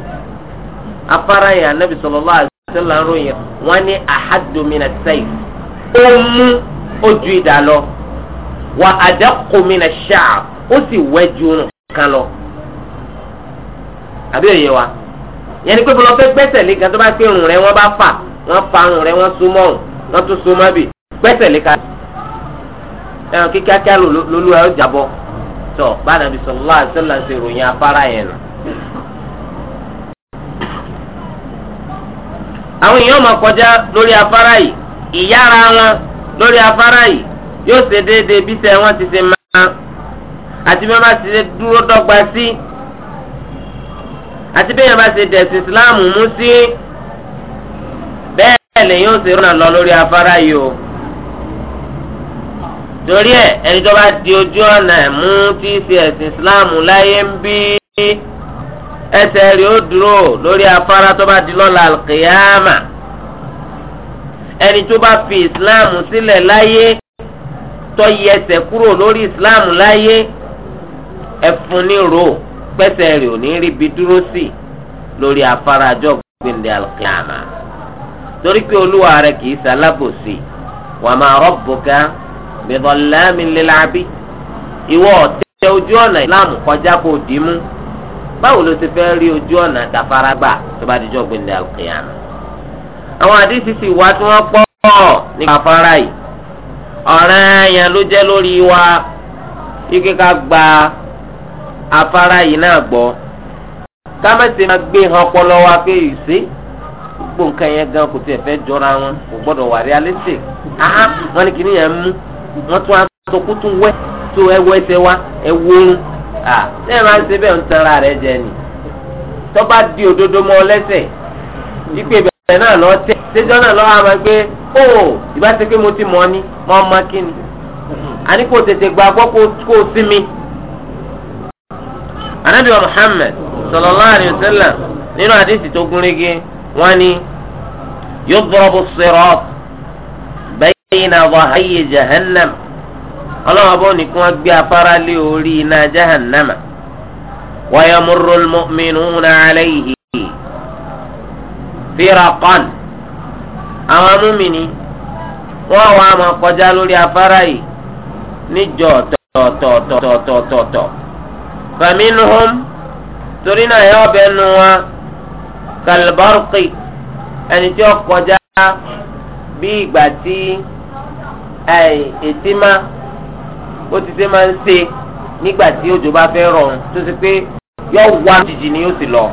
afárá yẹn anabi sallallahu alaihi wasallam ròyìn wọn ní ahaddu mina sayf ó mú ojú ìdá lọ wà adaqqu mina sha'r ó sì wẹ́ ju kan lọ. àbí òye wa yẹn ni pé bọ́lá fẹ́ gbẹ́sẹ̀ lé gan tó bá pé irun rẹ wọ́n bá fà wọ́n fa irun rẹ wọ́n súnmọ́ òun tún súnmọ́ bì gbẹ́sẹ̀ lé ka ẹ̀ràn kíkíákíá lòlúwa ó jábọ́ tọ bánàbí sọlá àṣẹlá ṣe ròyìn afárá yẹn nù. àwọn èèyàn máa kọjá lórí afárá yìí ìyára wọn lórí afárá yìí yóò ṣe déédéé bí sẹ wọn ti ṣe máa àti bí wọn bá ṣe dúró dọ́gba sí àti bí wọn bá ṣe dẹ̀sìn Islam mú sí bẹ́ẹ̀ lẹ́yìn ó ṣe rọ́nà lọ lórí afárá yìí o torí ẹ ẹni tó bá di ojú ọ̀nà ẹ̀mú tí í ṣe ẹ̀sìn Islam láyé ń bí ẹsẹ̀ rẹ̀ ó dúró lórí afárá tó bá di lọ́la alkiyama ẹni tó bá fi Islam sílẹ̀ láyé tó yí ẹsẹ̀ kúrò lórí Islam láyé ẹfun ní ro pẹ́sẹ̀ rẹ̀ ò ní rí bi dúró sí lórí afárá àjọ gbẹ̀ndẹ̀ alkiyama torí pé olúwa rẹ̀ kì í ṣe alábòsí wa ma bidhallamin lil abid ìwọ ọ̀tẹ̀ ojú ọ̀nà ìsìláàmù kọjá kò dì í mú báwo ló ti fẹ́ rí ojú ọ̀nà tàfaragbà tó bá dijọ́ gbẹ̀ndẹ̀ àkìyàmù. àwọn àdìsí sì wá tí wọ́n pọ̀ ní kàfàrà yìí ọ̀ràn yẹn ló jẹ́ lórí wa ike ká gba afárá yìí náà gbọ́ ká máa gbé hàn ọpọlọ wa pé ìṣe gbogbo yẹn gan kò tiẹ̀ fẹ́ jọra wọn kò gbọ́dọ̀ wà realistic ah wọ́n ní kíní yẹn mú wọ́n tún asokú tún wẹ́ tó ẹwọ́ ẹsẹ̀ wa ẹwọ́ oorun à lẹ́yìn máa ń ṣe bẹ́ẹ̀ ń tara rẹ̀ jẹ ni tọ́ba di òdodo mọ́ lẹ́sẹ̀ wípé ìbẹ̀rẹ̀ náà lọ tẹ̀ ṣéjọ́ náà lọ́wọ́ àmọ́ pé ó ìbá ṣe pé mo ti mọ̀ ni mọ́ ọmọ kí ni àní kò tètè gba gbọ́ kó o sí mi. anabi wa Muhammad sallallahu alayhi wa sallam nínú àdìsí tó gúnrégé wọ́n ní yóò dọ̀rọ̀ bó ṣe rọ́ọ̀tù iná wàháyé jahannam ọlọ́wọ́ bó ní kí wọ́n gbé afárá lé orí iná jahannama wàyàmúrò mọ́mìnúnà aláìhí fíraqan àwọn múmìnì wọ́n wà á máa kọjá lórí afárá yìí níjọ tọ̀tọ̀tọ̀tọ̀tọ̀tọ̀ fàmínúhùn torí náà yọ ọbẹ̀ nu wa kalbarqi ẹni tí ó kọjá bí ìgbà tí ètí má bó ti ṣe máa ń ṣe nígbà tí òjò bá fẹ́ rọ̀ tó ṣe pé yọ wá jìjì ni yóò sì lọ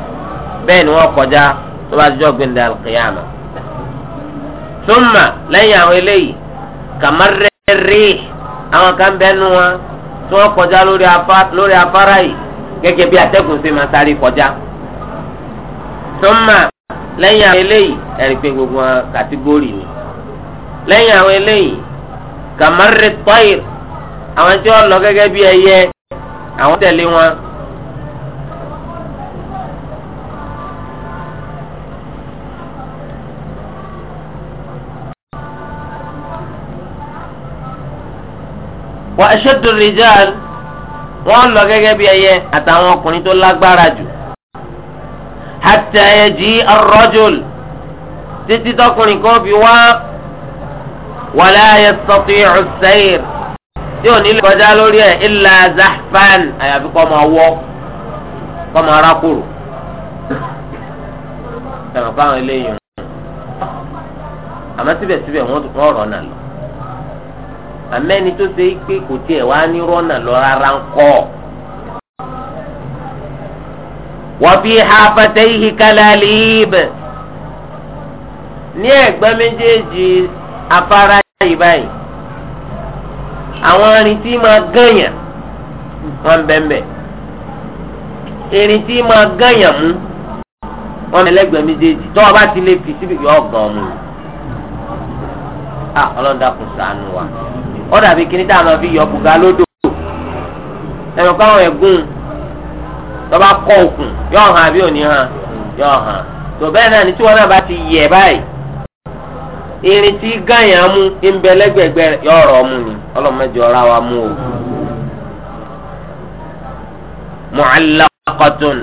bẹ́ẹ̀ ni wọ́n kọjá tó bá jọ gbẹ̀ndẹ̀ àlùkìyàmà. súnmà lẹ́yìn àwọn eléyìí kàmárẹ́rẹ́ àwọn kan bẹ́nu wọn tí wọ́n kọjá lórí afárá yìí gẹ́gẹ́ bí atẹ́gùn ṣe máa sáré kọjá. súnmà lẹ́yìn àwọn eléyìí ẹ̀rí pé gbogbo wọn kàtígórì ni lẹ́yìn àwọn eléyìí kàmárì tọ́yìr àwọn tí wọ́n lọ gẹ́gẹ́ bí ẹyẹ àwọn tẹ̀lé wọn. wà aṣọ́dún rìjáàlì wọ́n lọ gẹ́gẹ́ bí ẹyẹ àtàwọn ọkùnrin tó lágbára jù hatta yaji ar-rajul títí tọkùnrin kan fi wá wàlẹ́ ayé sọ́tì ọ̀sẹ́yìn tí ò ní lè kọjá lórí ẹ̀ ilà zahfan àyàfi kọ́ máa wọ́ kọ́ máa rákòrò. sọ̀rọ̀ fáwọn eléyìí àmọ́ síbẹ̀síbẹ̀ wọ́n rọ̀nà lọ. àmẹ́ni tó ṣe é pé kò tiẹ̀ wá ní rọ̀nà lọ rárá ń kọ́ ọ. wọ́bí hafatẹ́yìí kalalíb ní ẹ̀gbẹ́ méjèèjì afárá báyìí báyìí àwọn arìn tí máa gànyàn wọn bẹ́ẹ̀nbẹ́ẹ̀ erin tí máa gànyàn mú wọn mẹlẹgbẹ̀ẹ́ méjèèjì tọ́wọ́ bá ti lè fi síbi yọ ọ̀gàn ọ̀mù a ọlọ́dà kò sànù wa ó dàbí kíní tá a máa fi yọ bùgá lódò ẹ̀rọ káwọn ẹ̀gún tọ́ba kọ́ òkun yọ̀ hàn àbí òní hàn ti yẹ̀ irin tí gáyàn mú ńbẹlẹgbẹgbẹ yọrọ ọmú ni ọlọmọdé ọrá wa mú o. mu'allaqatun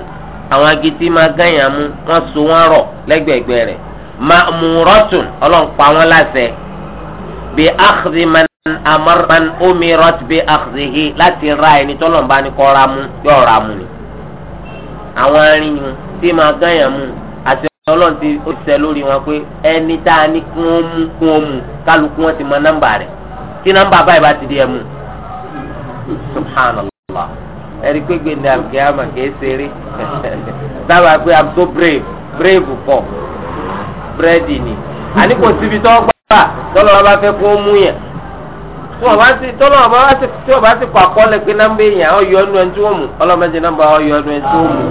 àwọn agití máa gáyàn mú wọn so wọn rọ lẹ́gbẹ̀gbẹ̀ rẹ̀ ma'muratun Ọlọ́run pa wọ́n láṣẹ bi akhdhi man amar man umirat bi láti ra ẹni tọ́lọ̀ bá ní kọ́ mú yọ̀ọ̀ra mú ni. àwọn arìnrìn tí máa gáyàn mú ọlọ́run ti ó sẹ lórí wọn pé ẹni tá a ní kí wọ́n mú kí wọ́n mú kálukú wọn ti mọ nọ́mbà rẹ̀ tí nọ́mbà báyìí bá ti di ẹ̀ mú. subhanallah ẹ̀rí pé gbèndé àgẹ́yàmà kìí ṣeré <laughs> dábàá pé i'm so brave brave kọ bírèdì ni àní kò síbi tó gbà tọ́lọ́ bá fẹ́ kó mú yẹn tí wọ́n bá ti tọ́lọ́ bá ti tí wọ́n bá ti kọ́ àkọọ́lẹ̀ pé nọ́mbà èèyàn ọ̀yọ́ ẹnu ẹni tí wọ́n mú ọlọ́mọdé nọ́mbà ọ̀yọ́ ẹnu ẹni tí wọ́n mú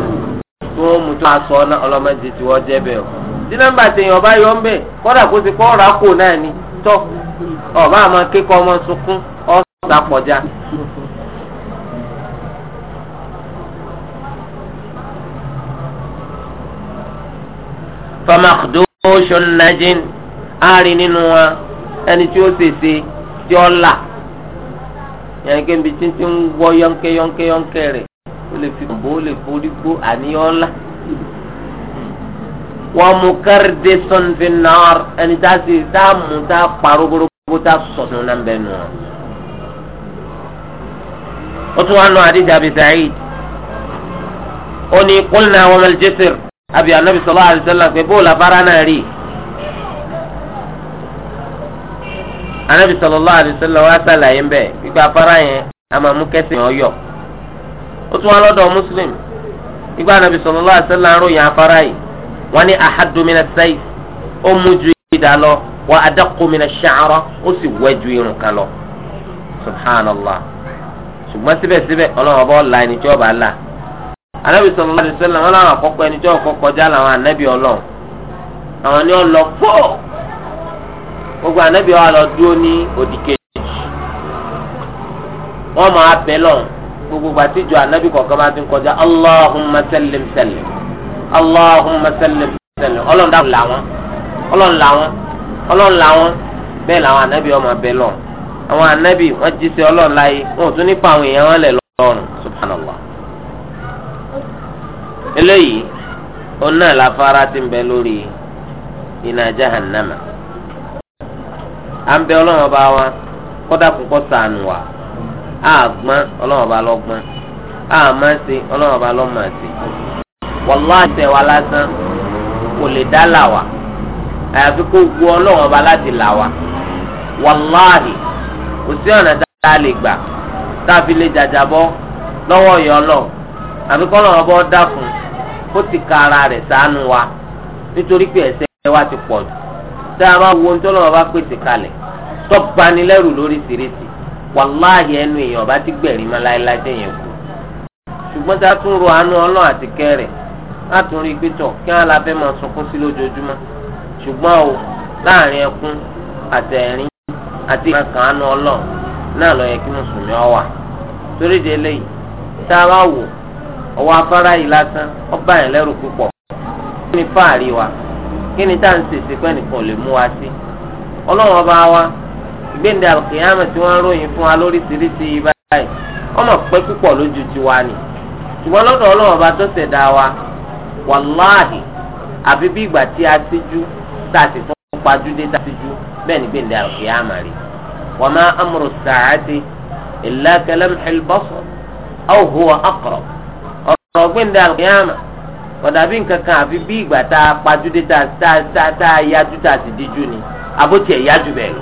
tí wọ́n mú tó máa sọ ọlọ́mọdé tí wọ́n jẹ́ bẹ́ẹ̀ o tí nọ́mbà tèèyàn bá yọ ńbẹ kódà kó ti kọ́ ọ̀rá kò náà ni tọ́ ọba àmọ́ kékọ́ ọmọ sunkún ọ̀sà pọ̀já. famakdóṣọ najin àárín nínú wa ẹni tí ó ṣèṣe tí ó là yẹn kí títí ń wọ yọ̀ǹkẹ́ yọ̀ǹkẹ́ yọ̀ǹkẹ́ rẹ̀ ó lè fi bò ó lè forí gbó àníyàn ńlá. wọ́n mú kárìdé sọ́nfì náà ẹni tá a sì tá a mú tá a parọ́ gbogbo tá a sọ̀tún náà bẹ́ẹ̀ nù. o tún wá nù àdìjà bí sàyíd ó ní kúlnà wọn mẹ́lẹ̀ jẹ́sẹ̀r àbí anabi sallallahu alaihi wasallam pé bóòlù afárá náà rí i. anabi sallallahu alaihi wasallam wá sàlàyé ń bẹ gbígbà afárá yẹn a máa mú kẹsì yẹn ó tún wá lọ́dọ̀ muslim nígbà nàbì sallallahu alaihi wasallam ròyìn afárá yìí wọ́n ní ahaddu mina sayf ó mú ju ìdá lọ wa adaqqu mina sha'ra ó sì wẹ́ ju irun kan lọ subhanallah ṣùgbọ́n síbẹ̀síbẹ̀ ọlọ́wọ́ bá la ẹni tí ó bá la anabi sallallahu alaihi wọn làwọn àkọ́kọ́ ẹni tí ó kọ́kọ́ já làwọn anabi ọlọ́run àwọn ni ó fọ́ gbogbo anabi wa dúró ní òdìkejì wọn máa bẹ lọ́run. gbogbo gbàtíjọ anabi kọ̀ọ̀kan bá ti ń kọjá allahumma sallim sallim allahumma sallim sallim ọlọ́run làwọn ọlọ́run làwọn ọlọ́run làwọn bẹ́ẹ̀ làwọn anabi ọmọ abẹ lọ àwọn anabi wọn jíṣẹ́ ọlọ́run láyé wọn ò tún nípa àwọn èèyàn wọn lẹ̀ lọ́rùn subhanallah eléyìí òun náà la fara ti ń bẹ lórí à ń bẹ ọlọ́run ọba wa. àgbọn ọlọ́run ọba lọ́gbọ́n àmọ́ ọlọ́run ọba lọ́mọ ṣe. wàláhì tẹ̀ lásán kò lè dá làwà. àyàfi kó ọlọ́run ọba láti làwà. kò sí ọ̀nà a lè gbà lè jàjàbọ́ lọ́wọ́ ìyọ́ ọlọ́run àbí kọ́ ọlọ́run ọba fún kó ka ara rẹ̀ wa nítorí a bá wo wàláhì ẹnu èèyàn ọba ti gbẹ̀rín mọ́ láéláé déyẹn kù ṣùgbọ́n tá a tún ro àánú ọlọ́run àti kẹrẹ̀ láti rí i pé tọ̀ kí wọ́n la fẹ́ máa sunkún sí lójoojúmọ́ ṣùgbọ́n o láàrin ẹkún àtẹ̀rín àti ìmọ̀ kan àánú ọlọ́run náà lọ yẹ kí mùsùlùmí ọ wà torí de eléyìí tá a bá wò ọwọ́ afárá yìí lásán ó bá yẹn lẹ́rù púpọ̀ kí ni fáàrí wa kí ni tá ń ṣèṣe pẹ́ nìkan lè mú wa sí ọlọ́run ọba wa. gbẹ̀ndẹ̀ àkìyàmọ̀ tí wọ́n ń ròyìn fún wa lóríṣiríṣi báyìí wọ́n mọ̀ pé púpọ̀ lójú tiwa ni ṣùgbọ́n tó wa wàláhì àfi bí ìgbà tí a ṣíjú tá a sì tún pajú dé tá a ṣíjú bẹ́ẹ̀ ni gbẹ̀ndẹ̀ àkìyàmọ̀ rí wa ma amru sa'ati illa kalamhil basar aw nǹkan kan àfi ni àbótiẹ̀ yájú bẹ́ẹ̀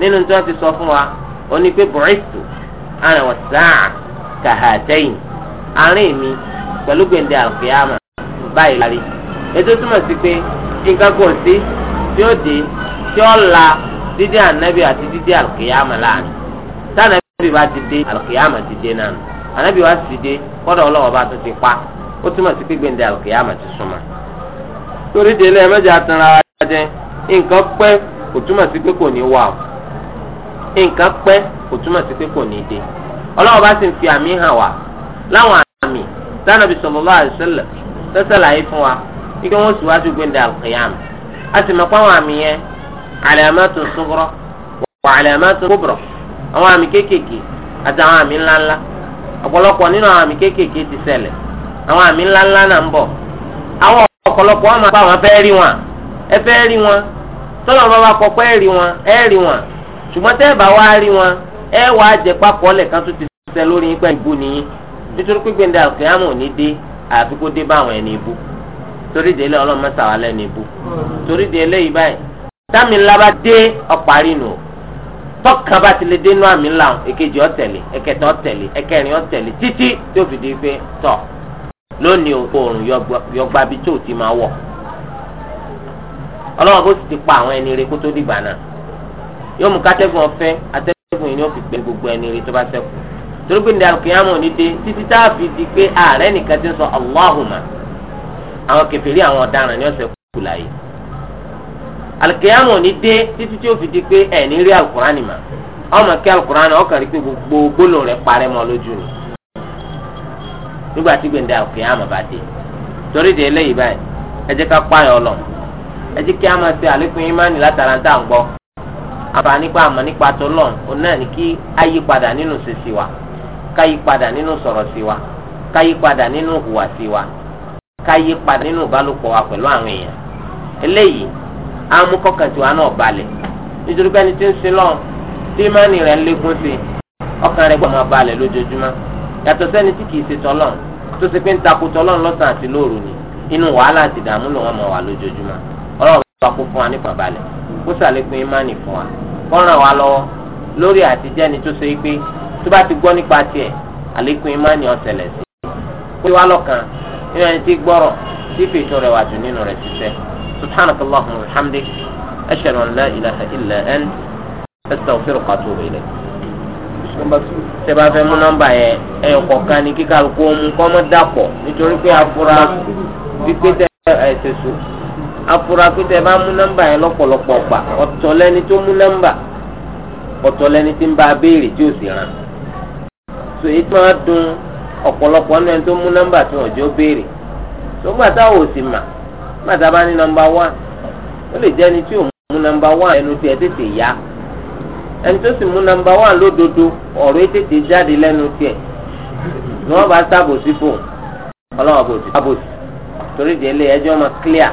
nínú tí wọ́n ti sọ fún wa wọ́n ní pé bọ̀rẹ́tù àrùn wọ̀ sáà kàhàtẹ́yìn àárín mi pẹ̀lú gbèǹde àlùkìyàmà báyìí lárí ètò túmọ̀ sí pé nǹkan kò sí tí ó dé tí ó la dídé ànábì àti dídé àlùkìyàmà láàrin tánàbì bá ti dé àlùkìyàmà ti dé náà ànábì wá sì dé kọ́dọ̀ ọlọ́wọ́ bá tún ti pa ó túmọ̀ sí pé gbèǹde àlùkìyàmà ti súnmọ́ torí délé ẹ̀mẹ́jà tanra wa jẹ́ nǹkan pẹ́ kò túmọ̀ sí pé kò ní wà o nǹkan pẹ́ kò túmọ̀ sí pé kò ní dé ọlọ́wọ́ bá sì ń fi àmì hàn wá láwọn àmì sanabi sallallahu alaihi sẹ́sẹ̀láyé fún wa ike wọ́n síwájú gbẹ̀ndẹ̀ a sì mọ̀ àwọn àmì yẹn alamatun sughra wà alamatun kubra àwọn àmì kéékèèké àti àwọn àmì ńláńlá ọ̀pọ̀lọpọ̀ nínú àwọn àmì kéékèèké ti ṣẹlẹ̀ àwọn àmì ńláńlá náà ń bọ̀ àwọn ọ̀pọ̀lọpọ̀ wọn máa bá wọn wọn ẹ wọn tọ́lọ́ ṣùgbọ́n tẹ́ ẹ bá wá rí wọn ẹ wà á jẹ papọ̀ lẹ̀ kan tó ti sẹ lórí yín pẹ́ ìbú nìyí nítorí pé gbẹ̀ndà àkìyàmù ò ní dé àfi kó dé bá àwọn ẹni ibú torí délé ọlọ́run mẹ́ta wà lẹ́nu ibú torí délé yìí báyìí táàmì ńlá bá dé ọ̀parí nù tọ́kàn bá ti lè dé inú àmì ńlá èkejì ọ̀tẹ̀lẹ̀ ẹ̀kẹta ọ̀tẹ̀lẹ̀ ẹ̀kẹrin ọ̀tẹ̀lẹ̀ títí tó fi di pé tọ̀ lónìí oòrùn yọgbà bí tó ti máa wọ̀ ọlọ́run kó sì ti pa àwọn ẹni rẹ kó tó dìgbà náà yóò mú kátẹ́gùn ọ̀fẹ́ atẹ́gùn yìí ni ó gbogbo ẹni rí tó bá sẹ́kù torí pé ní dé títí tá a ti ń sọ àwọn àwọn ọ̀daràn ni láyé ní dé títí tí ó fi di pé ẹ̀ ní rí alukurani mà ọmọ kí alukurani ọkàn rí pé gbogbo gbólóhùn parẹ́ mọ́ lójú ni nígbà tí gbèǹda alùkìyàmù bá dé torí de eléyìí báyìí ẹ jẹ́ ká pààyàn ọlọ́ ẹ jẹ́ kí a máa ṣe àlékún látara ń tà ń gbọ́ Abanipa nípa àmọ́ nípa tọ́lọ́n òun náà ní kí ayípadà nínú ṣèṣì wa káyípadà nínú sọ̀rọ̀ sí wa káyípadà nínú ìhùwà sí wa káyípadà nínú ìbálòpọ̀ wa pẹ̀lú àwọn èèyàn eléyìí amúkọ̀kàtì wa náà balẹ̀ nítorí pé ẹni tí ń sin lọ́n tí ìmánì rẹ̀ ń lékún sí ọkàn rẹ̀ gbọ́dọ̀ máa balẹ̀ lójoojúmọ́ yàtọ̀ sẹ́ni tí kìí ṣe tọ́lọ́n tó ṣe pé ń takò tọ́lọ́n lọ́sàn àti lóru ni inú wàhálà àti ìdààmú lòun ọmọ wà lójoojúmọ́ ọlọ́run bá kó fún wa nípa balẹ̀ kó sàlékún ìmánì fún wa kó ràn wá lọ́wọ́ lórí àtijẹ́ni tó ṣe é pé tó bá ti gbọ́ nípa tiẹ̀ àlékún ìmánì ọ̀sẹ̀lẹ̀ sí i kó wá lọ́kàn nínú ẹni tí gbọ́rọ̀ tí fètò rẹ̀ wà jù nínú rẹ̀ ṣiṣẹ́ subhanaka allahumma wa bihamdik ashhadu an la ilaha illa ant astaghfiruka wa atubu ilayk bá fẹ́ mú nọ́mbà yẹn ẹyọ kọ̀ọ̀kan ni kíkàlùkù ọmú kọ́mọ́dàpọ̀ nítorí pé afura wípé tẹ ẹ ṣe sùn afura pé tẹ bá mú nọ́mbà yẹn lọ́pọ̀lọpọ̀ gbà ọ̀tọ̀ lẹni tó mú nọ́mbà ọ̀tọ̀ lẹni tí ń bá a béèrè tí ò sì ràn so èyí tí wọ́n á dun ọ̀pọ̀lọpọ̀ nínú ẹni tó mú nọ́mbà tí wọ́n jọ béèrè so gbà tá ò sì mà gbà tá a bá ní nọ́mbà one ó lè jẹ́ ẹni tí ò mú nọ́mbà one ẹnu tiẹ̀ tètè yá ẹni tó sì mú nọ́mbà one lódodo ọ̀rọ̀ tètè jáde lẹ́nu tiẹ̀ ni wọ́n bá sábòsí fò ọlọ́wọ́ àbòsí torí ìdílé ẹjọ́ máa clear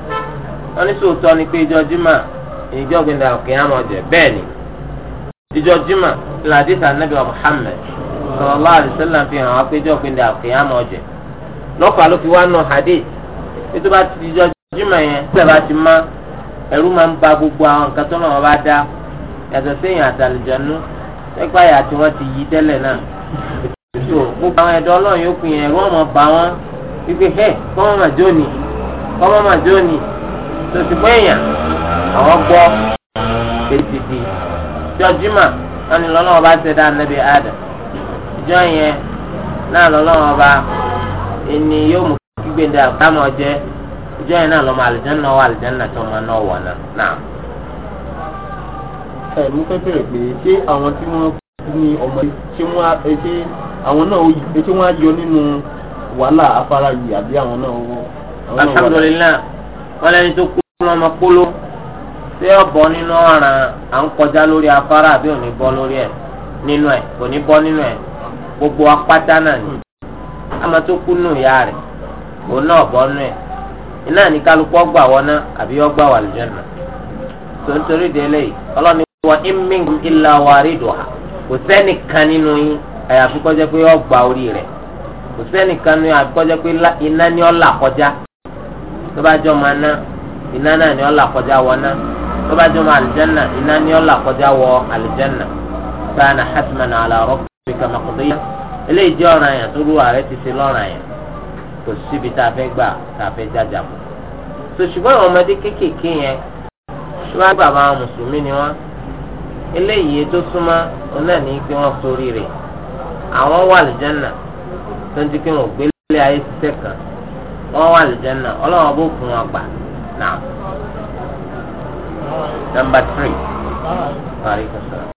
wọ́n ní sòótọ́ ni pé ìjọ jimá ìjọ gbẹ̀ndà òkè àmọ́ jẹ bẹ́ẹ̀ ni ìjọ jimá ladisa muhammed fi hàn wá pé ìjọ gbẹ̀ndà òkè àmọ́ jẹ lọ́kọ̀ fi wá nù hadith ètò bá ti ìjọ jimá yẹn sábà ti má ẹ̀rú máa ń ba gbogbo àwọn nǹkan tó náà wọ́n bá dá yàtọ̀ ẹgbẹ́ tí wọ́n ti yí tẹ́lẹ̀ náà so gbogbo àwọn ẹ̀dọ́ ọlọ́run yókù yẹn ẹ̀rú ọmọ bá tó ti àwọn gbọ kéde di jọjúmọ̀ wọn ni lọ́lọ́wọ́ bá ṣẹ̀dá anabi adam ìjọ yẹn náà lọ́lọ́wọ́ bá ẹni yóò mú gbígbéǹde àbámọ̀ jẹ́ ìjọ yẹn náà lọ́mọ àlùjànnà wà àlùjànnà tó máa náà. ẹ mú pé ṣé àwọn tí ní ọmọ ṣé á ṣe àwọn náà ṣé á yọ nínú wàhálà afárá yìí kí ma máa kóló ṣé ọ̀bọ nínú a à ń kọjá lórí afárá àbí òní bọ lórí ẹ nínú ẹ kò ní bọ nínú ẹ gbogbo apáta náà ni àmọ́ tó kú nù ìyá rẹ̀ òun náà bọ́ nù ẹ̀ iná ní kálukú ọgbà wọná àbí ọgbà wà lùjọ́nà tó ń torí délé yìí ọlọ́ni ìlà kò sẹ́nìkan nínú yín àyàfi kọjá pé ọgbà orí kò sẹ́nìkan nínú yín àyàfi kọjá pé iná iná náà ni ó là kọjá wọ ná tó bá jẹ́ ọmọ àlìjánà iná ni ó là kọjá wọ àlìjánà sáànà hasman alárọ́ fíkà maqdiya eléyìí jẹ́ ọ̀ràn yẹn tó rú ààrẹ ti ṣe lọ́ràn yẹn kò síbi tá a fẹ́ gbà tá a fẹ́ jájà bọ̀ so ṣùgbọ́n àwọn ọmọdé kéékèèké yẹn tí wọ́n mùsùlùmí ni wọ́n eléyìí tó súnmọ́ òun náà ní pé wọ́n sórí rẹ̀ àwọn wà àlìjánà tó ń di pé wọ́n gbélé ayé ṣiṣẹ́ kan wọ́n wà àlìjánà ọlọ́wọ́n bó fún wọn gbà نعم نمبر 3 عليك السلام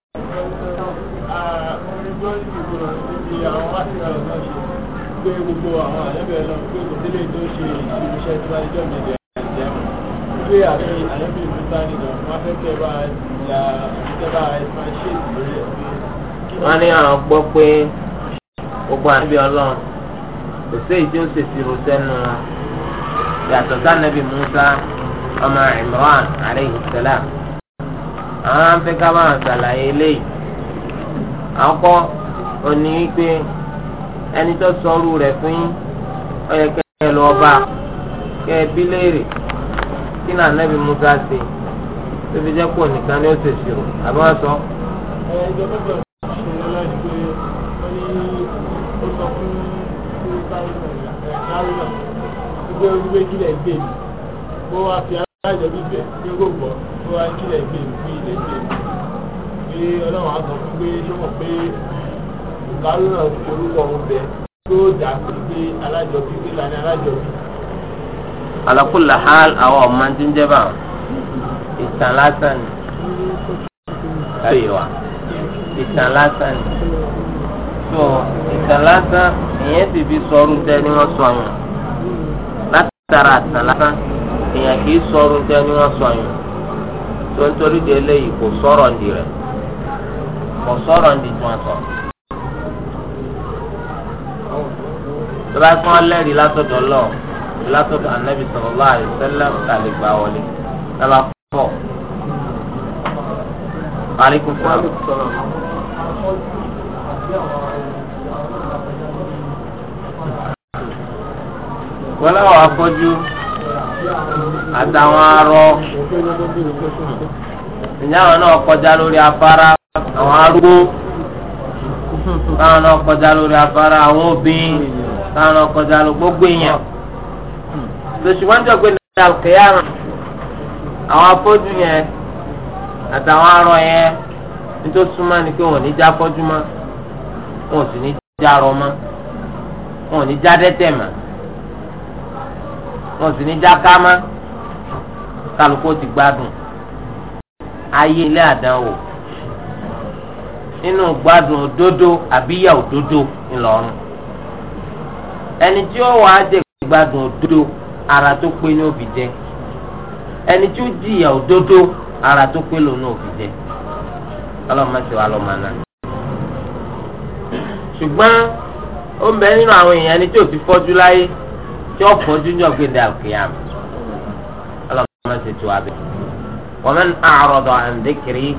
wọ́n ní àwọn gbọ́ pé gbogbo ànábì ọlọ́run kò sí èyí tí ó ṣèṣirò sẹ́nu yàtọ̀ Musa ọmọ Imran aleyhi salam àwọn afẹ́ká bá wọn ṣàlàyé eléyìí àkọ́ òní wípé ẹni tó sọrú rẹ̀ fún yín ó yẹ kẹ́ ẹ lọ bá kẹ́ ẹ bí léèrè kí náà nẹ́bí Musa ṣe tó fi jẹ́ kó nìkan ni ó ṣe ṣòro àbí wọ́n sọ. ẹ ẹ jọ bẹ́ẹ̀ bá ṣe ń lọ láti pé ó ní ó sọ fún fún sáré náà ẹ̀ sáré náà gbogbo gbogbo ìjìnlẹ̀ gbé mi ó wá fi á láìjọ bí pé pé kò gbọ́ tó wá nílẹ̀ pé fún ilẹ̀ pé pé ọlọ́run á sọ fún pé ṣé mọ̀ pé ìkárò náà fi orúkọ òun bẹ tó dà sí pé alájọbí pé lànà alájọbí. àlàkùlà hàn àwọn ọmọ tí ń jẹ́ bá ìtàn lásán ni. láyé wa ìtàn lásán ni. tó ìtàn lásán ìyẹn sì fi sọ ọrùn tẹ ni wọ́n sọ èèyàn kì í sọ̀rọ̀ níta ni wọn sọ yìí tó ń torí de eléyìí kò sọ̀rọ̀ ndì rẹ kò sọ̀rọ̀ ndì tí wọn sọ. tó bá tí wọn lẹ́rìí látọ̀dọ̀ lọ látọ̀dọ̀ anabi sallallahu alaihi wasallam tàlẹ́ gbà wọlé lábà pọ̀. alaikum salaam. wọ́n láwọn afọ́jú. àtàwọn arọ ìyá àwọn náà kọjá lórí afárá àwọn arúgbó káwọn náà kọjá lórí afárá àwọn obìnrin káwọn náà kọjá lórí gbogbo èèyàn lòṣùwọ́n jọ pé ní àlùkìyàrá àwọn yẹn àtàwọn arọ yẹn nítorí súnmọ́ ni pé wọ́n ní já wọn sì ní jáká mọ́ ti gbádùn ayé ilé àdánwò nínú gbádùn òdodo àbíyà òdodo ńlọrùn ẹni tí ó á jẹ gbádùn òdodo ara tó pé ní òbí jẹ ẹni tí ó jìyà òdodo ara tó pé lòun òbí jẹ náà ó ń bẹ nínú àwọn tí ó fojú ní ọgbẹni alkiyam ọlọmọ sì tu abẹ. ومن أعرض عن ذكري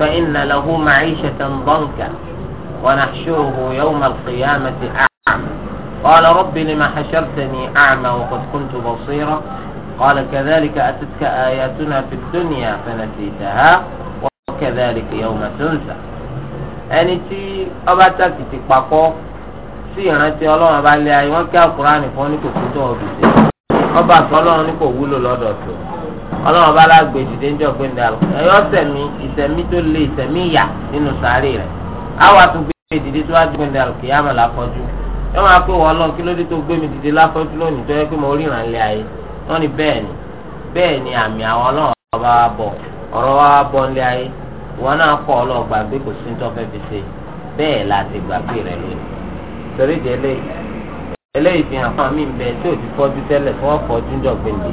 فإن له معيشة ضنكا ونحشره يوم القيامة أعمى قال رب لم حشرتني أعمى وقد كنت بصيرا قال كذلك أتتك آياتنا في الدنيا فنسيتها وكذلك يوم تنسى ẹni tí ọba tá ti ti papọ̀ tí ìrántí ọlọ́run bá lé ayé wọ́n kí àkùránì fún ní kòkó tó wọn bìtẹ́ wọ́n bá sọ ọlọ́run ní kò wúlò lọ́dọ̀ tó ọlọ́run bá lágbè ìdílé ń jọ pé ní àlọ́ ẹ̀yọ́ sẹ̀mí ìsẹ̀mí tó lé ìsẹ̀mí ìyà nínú sàárè rẹ̀ tó ní ẹ máa pé wọ́n lọ kí gbé mi dìde lónìí tó yẹ pé torí di eléyìí eléyìí fi hàn fún àmì ìbẹ tí ò ti fọ́jú tẹ́lẹ̀ tí wọ́n fọ́jú jọ̀gbìnlè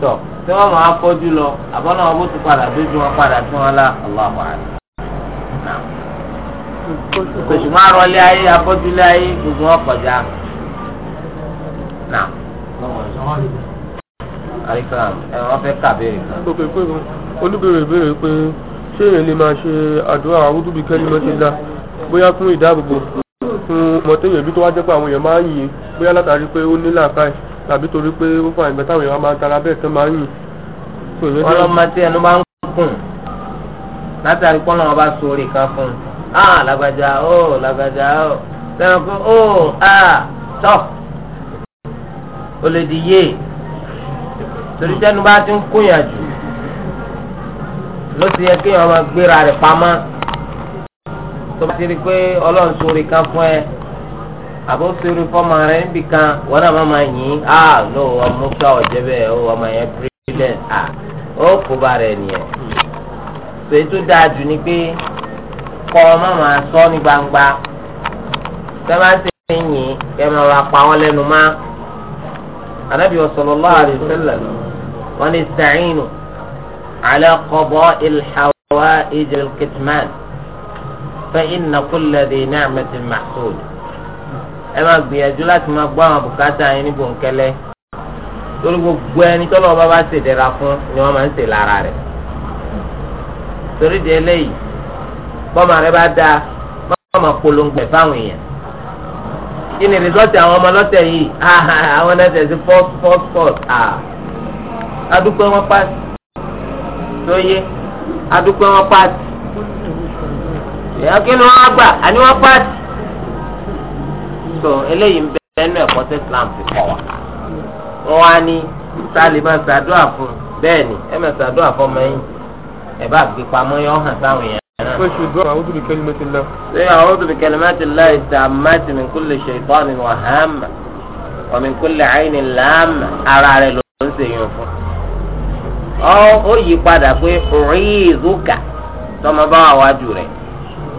tọ̀ tí wọ́n máa fọ́jú lọ àbọ̀nà owó ti padà dójú wọn padà sí wọn lá aláwọ̀ àlẹ́. oṣù máa rọlé ayé afọ́júlé ayé gbogbo wọn kọjá. àríkàn ẹ wọ́n fẹ́ kàbéèrè kan. olùbèrè béèrè pé ṣé èyí lè máa ṣe àdúrà àwùjọ bíi kẹ́ni mọ́tò dá bóyá fún ìdáàbòbò fún mọ́tò yẹn bí tó wá jẹ́ pé àwọn èèyàn máa ń yìn bóyá látàrí pé ó ní làákàyè tàbí torí pé ó fà ìgbà táwọn èèyàn máa ń tara bẹ́ẹ̀ tán máa ń yìn. ọlọ́mọ tí ẹnu bá ń kùn látàrí pọ́n náà wọ́n bá sóore kan fún un ah làgbàjà ó làgbàjà ó sẹ́wọ̀n pé ó ah tọ́ ó lè di yé torí tẹ́nu bá ti ń kúnyà ló ti yẹ kéèyàn máa gbéra rẹ̀ pamọ́ tó bá ti rí i pé ọlọ́run sórí kan fún ẹ àbó sórí fọ́mọ rẹ níbì kan wọn náà má máa yìn á ló ọmú ká ọ̀jẹ́ bẹ́ẹ̀ ó ọmọ yẹn president à ah, ó kó ba rẹ̀ nìyẹn tó ètò dáa ni pé kọ́ ọmọ máa sọ ní gbangba tẹ́ bá ń ṣe kẹ́ máa wá pa wọ́n lẹ́nu máa anabi sallallahu alayhi wa wọ́n ní sàcínù ala qada'i al-hawa'ij al-kitman fa inna kulla dhi ni'matin mahsud ẹ máa gbìyànjú láti máa gbọ́ àwọn bùkátà yín ní bòńkẹ́lẹ́ torí gbogbo ẹni tọ́lọ́ bá bá ṣèdẹ̀ra fún ni wọ́n máa ń ṣe lára rẹ̀ torí di eléyìí bọ́mọ rẹ bá dáa bọ́mọ polongo ẹ̀ fáwọn èèyàn kí ni rìsọ́ọ̀tì àwọn ọmọ lọ́tẹ̀ yìí <laughs> àwọn ẹlẹ́tẹ̀ sí fọ́ọ̀t adúpẹ́ wọn pàṣẹ èèyàn kí ni wọ́n gbà àní wọ́n pàṣẹ. so eléyìí ń bẹ ẹnu ẹ̀kọ́ sí Islam ti kọ̀ wá. wọ́n wá ní sálẹ̀ máa ṣàdúrà fún bẹ́ẹ̀ ni ẹ máa ṣàdúrà fún ọmọ yín ẹ bá gbé pamọ́ yọ hàn sáwọn èèyàn. Fẹ́ṣù dùn àwọn òdùbí kẹlẹ́mẹ́ ti lọ. Ṣé àwọn òdùbí kẹlẹ́mẹ́ ti lọ ìta máàtì mi kú lè ṣe ìtọ́ni wà hàmà ọ̀mí kú lè àyìnì làmà ara rẹ̀ ló ń ṣe fún. Ó yí padà pé òrí ìzúkà tọmọ bá wà wájú rẹ̀.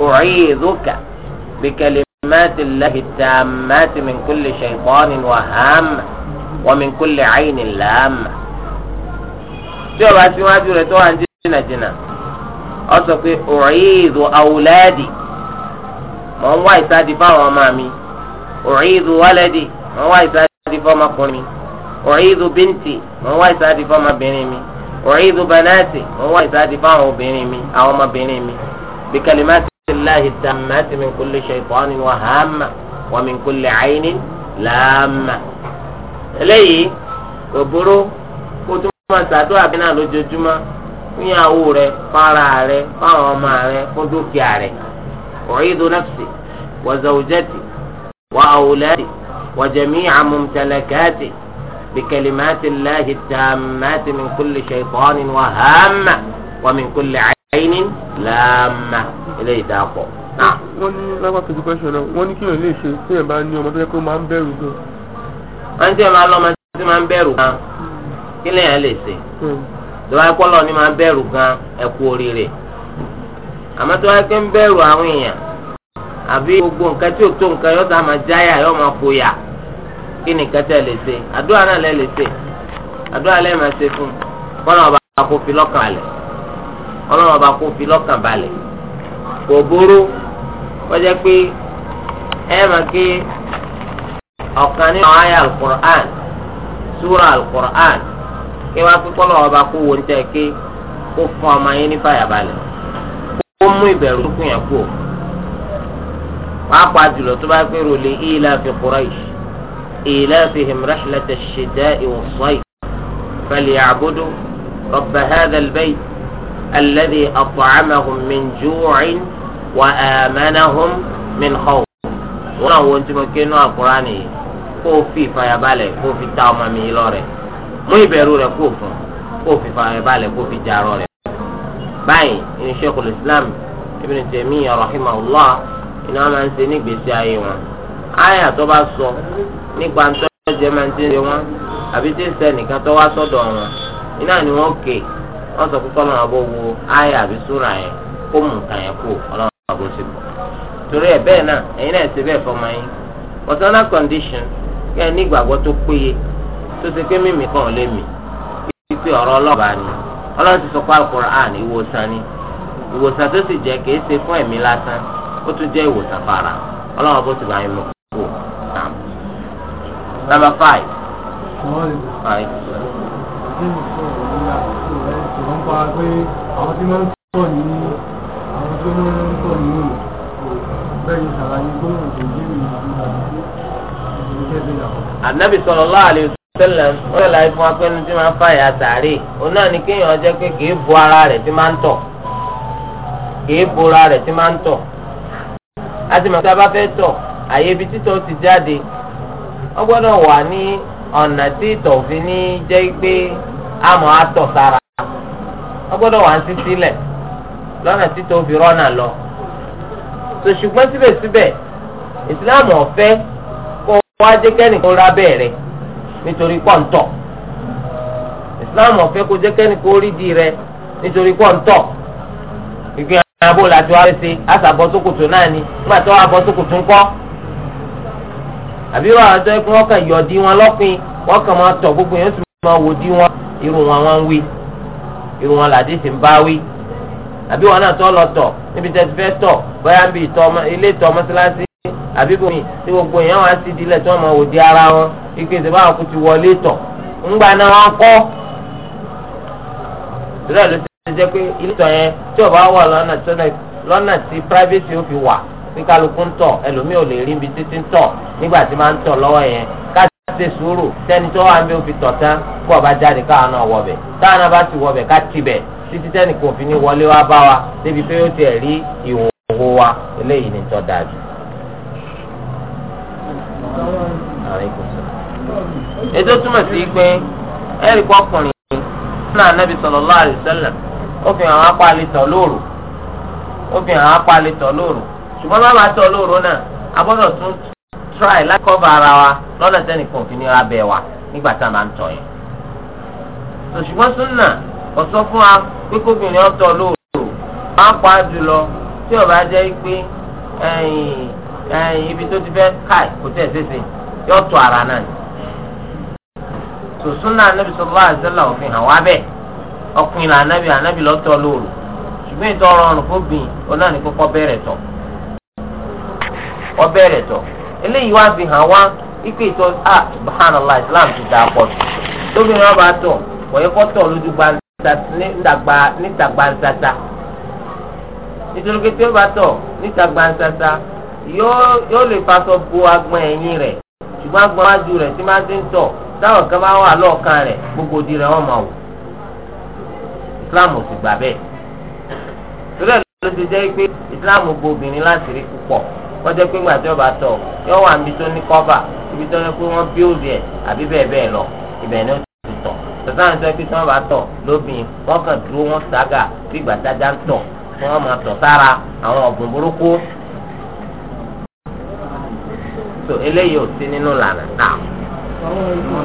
أعيذك بكلمات الله التامات من كل شيطان وهام ومن كل عين لام اعيذ أ و ل ا د ي ما هو يسعد فهو امامي أ ع ي ذ ولدي ما هو يسعد فهو مقومي أ بنتي ما هو يسعد فهو مبنيمي أ بناتي ما هو يسعد فهو بنيمي أ و بكلمات الله التامات من كل شيطان وهامة ومن كل عين لامة ليه وبرو كتما ساتو أبنا لجوجما يا أوري فاراري يا علي أعيد نفسي وزوجتي وأولادي وجميع ممتلكاتي بكلمات الله التامات من كل شيطان وهامة ومن كل عين ẹyin làámà eléyìí dáa pọ̀. wọ́n ní lápá kejì pẹ́sọ̀ náà wọ́n ní kí lóò lè ṣe tí ẹ̀ bá ní ọmọ tó yẹ kó máa ń bẹ̀rù gan. wọ́n ti máa máa ń bẹ̀rù gan kí lè ṣe. Hmm. lọ ni máa ń bẹ̀rù gan ẹ oríire. àmọ́ tó ń bẹ̀rù àwọn èèyàn àbí gbogbo nǹkan tí ò tó nǹkan yóò máa jáyà yóò máa kí lè ṣe àdúrà ọlọ́run ọba kò fi lọ́kàn balẹ̀ kò bóró kọjá pé ẹ máa ké ọ̀kan nínú àwọn àyà alukur'an súra alukur'an kí wọ́n á pín kọ́lọ́ ọba kó wo níta ké kó fún ọmọ yín ní fàyàbalẹ̀ kó mú ìbẹ̀rù tó kún yẹn kú o wọ́n á pa jùlọ tó bá pé rọlẹ̀ ìlà fi Quraysh ìlà fi himrahilata ṣẹ̀dá ìwọ̀sọ́ yìí fẹlẹ̀ àbúdó rọ̀bà الذي أطعمهم من جوع وآمنهم من خوف wọn àwọn ohun tí mo ké nú àkùrá nìyí kó o fi ìfàyàbalẹ̀ kó o fi ta ọmọ mi lọ́rẹ mú ìbẹ̀rù rẹ̀ kó o fún kó o fi ìfàyàbalẹ̀ kó o fi jarọ rẹ̀. báyìí ní Sheikhul Islam Ibn Taymiyyah rahimahullah iná máa ń ṣe nígbèsí ayé wọn. àyà tó bá sọ nípa ntọ́jọ́ jẹ́ máa ń tẹ́ ṣe wọn àbí tí ń sẹ́ nìkan tó wá sọ́dọ̀ wọn iná ni wọ́n kè é wọ́n sọ pé kọ́lọ́n wo àyà àbí súra yẹn kó mú nǹkan yẹn kú ọlọ́run àbọ̀ ṣe pọ̀ torí ẹ̀ bẹ́ẹ̀ náà ẹ̀yin náà ṣe bẹ́ẹ̀ fọmọ yín but condition kẹ́ ẹ ní ìgbàgbọ́ tó péye tó ṣe pé mímì kan ò lè mì pípé ọ̀rọ̀ ọlọ́ọ̀bá ni ọlọ́run ti sọ pé alukur'an ìwòsàn ni ìwòsàn tó sì jẹ́ kìí ṣe fún ẹ̀mí lásán ó tún jẹ́ ìwòsàn fara ọlọ́run bó ti bá yín mú kó nàám. number five. five nípa pé àwọn tí wọ́n ń pọ̀ ní àwọn tí wọ́n ń pọ̀ ní bẹ́ẹ̀ ṣàlàyé gbọ́dọ̀ tó jẹ́ Ànábì sallallahu alaihi wasallam ó lè láì fún wa pé ní tí máa ń fa ìyá sàárè òun náà ni kéèyàn jẹ́ pé kìí bo ara rẹ̀ tí máa ń tọ̀ kìí bo ara rẹ̀ tí máa ń tọ̀ a ti mọ̀ pé a bá fẹ́ tọ̀ àyè ibi títọ̀ ti jáde wọ́n gbọ́dọ̀ wà ní ọ̀nà tí ìtọ̀ fi ní jẹ́ pé àmọ́ àtọ̀ sára ọgbọ́dọ̀ wà ń títí lẹ̀ lọ́nà títọ́ fi rọ́nà lọ. sọ ṣùgbọ́n síbẹ̀síbẹ̀ ìsìláàmù ọ̀fẹ́ kó wá jẹ́ kẹ́nìkan rá bẹ̀rẹ̀ nítorí pọ́ńtọ̀ ìsìláàmù ọ̀fẹ́ kó jẹ́ kẹ́nìkan rí di rẹ nítorí pọ́ńtọ̀ ìgbìyànjú àbò làtí wá ṣe àṣàbọ̀ sókòtò náà ni nígbà tó wà bọ́ sókòtò ń kọ́ àbí wọn àjọ ẹkún wọn kàn yọ̀ di wọn lọ́pin wọn kàn máa tọ̀ gbogbo yẹn sì máa wò di wọn irun wọn wí irú wọn làdí sì ń bá wí àbí wọn náà tọ́ lọ tọ̀ níbi tẹ́ ti fẹ́ tọ̀ bóyá ń bi ilé tọ̀ mọ́sálásí àbí bòmí tí gbogbo èèyàn wá sí ìdílé tí wọ́n mọ̀ òdi ara wọn ike ìsèpá àwọn kò ti wọlé tọ̀ ńgbà náà wọ́n kọ́ ìrọ̀ ló ti jẹ́ pé ilé tọ̀ yẹn tí ò bá wà lọ́nà tí lọ́nà tí privacy ó fi wà tí kálukú ń tọ̀ ẹlòmíì ò lè rí ibi títí ń tọ̀ nígbà tí máa ń tọ̀ lọ́wọ́ yẹn ká ṣe sùúrù tẹni tó wà ń bẹ ó fi kó ọba jáde káwọn náà náà bá ti wọbẹ̀ ká tibẹ̀ títí tẹni kò fi ní wọlé wá bá wa débi pé ó tiẹ̀ rí ìhòòhò wa eléyìí ni tọ́ da ètò túmọ̀ sí pé ẹ̀rí kọkùnrin náà nàbì sallallahu alaihi wasallam ó fi hàn lóru ó fi hàn a try like ara wa lọ́nà sẹ́nìkan òfin nira bẹ̀ wá nígbà tá a máa ń tọ̀ yẹn. ṣùgbọ́n súnà kò fún wa pé kóbìnrin ọ̀tọ̀ lóòótọ́ máa pa á jùlọ tí jẹ́ pé ibi tó ti fẹ́ káì kò tẹ̀ yóò tọ̀ ara náà ni. òfin hàn wá bẹ́ẹ̀ ọkùnrin lọ́tọ̀ ṣùgbọ́n ìtọ́ ọ̀rùn fóbìn eléyìí wá fi hàn wá ikú ìtọ́ a subhanallah islam ti dà pọ̀ jù tóbi wọn bá tọ̀ wọ̀nyẹ́ kọ́ tọ̀ lójú níta gbansasa nítorí pé tí bá tọ̀ níta yóò lè bo ẹ̀yìn rẹ̀ ṣùgbọ́n wájú rẹ̀ tí ti ń tọ̀ táwọn kan bá wà lọ́ọ̀kan rẹ̀ gbogbo di rẹ̀ wọ́n máa wò islam ò sì gbà bẹ́ẹ̀ torí ẹ̀ ló ti bo láti rí púpọ̀. kọjá pé ńgbà tí ọba tọ̀ yọ wà níbi tó ní kọ́fà ibi tó yẹ pé wọ́n bíòdì ẹ̀ àbí bẹ́ẹ̀ bẹ́ẹ̀ lọ ibẹ̀ ni ó ti tọ̀ tọ́tà ń sọ pé tí wọ́n bá tọ̀ lóbìn wọ́n kàn dúró wọ́n sága bí ìgbà tájà ń tọ̀ tí wọ́n máa tọ̀ sára àwọn ọ̀gbìn burúkú so eléyìí ò sí nínú lànà náà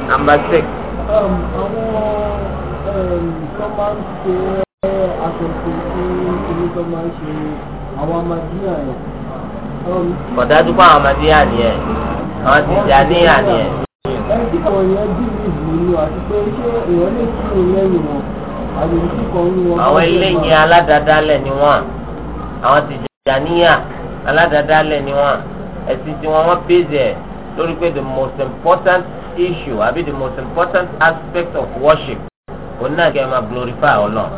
nàmbà six. àwọn um, um, tó máa ń ṣe àtẹ̀sí sí ìlú tó máa ń ṣe àwọn amadíyà yẹn kọ̀dájú kó àwọn ọmọdé yà ni ẹ̀ àwọn ti jà ní yà ni ẹ̀. àwọn eléyìí aládàádálẹ̀ ni wọ́n àwọn ti jà níyà aládàádálẹ̀ ni wọ́n ẹ̀sìn tí wọ́n wọ́n pèsè ẹ̀ lórí pé the most important issue àbí the most important aspect of worship òun náà kẹ́ ẹ máa glorify ọlọ́run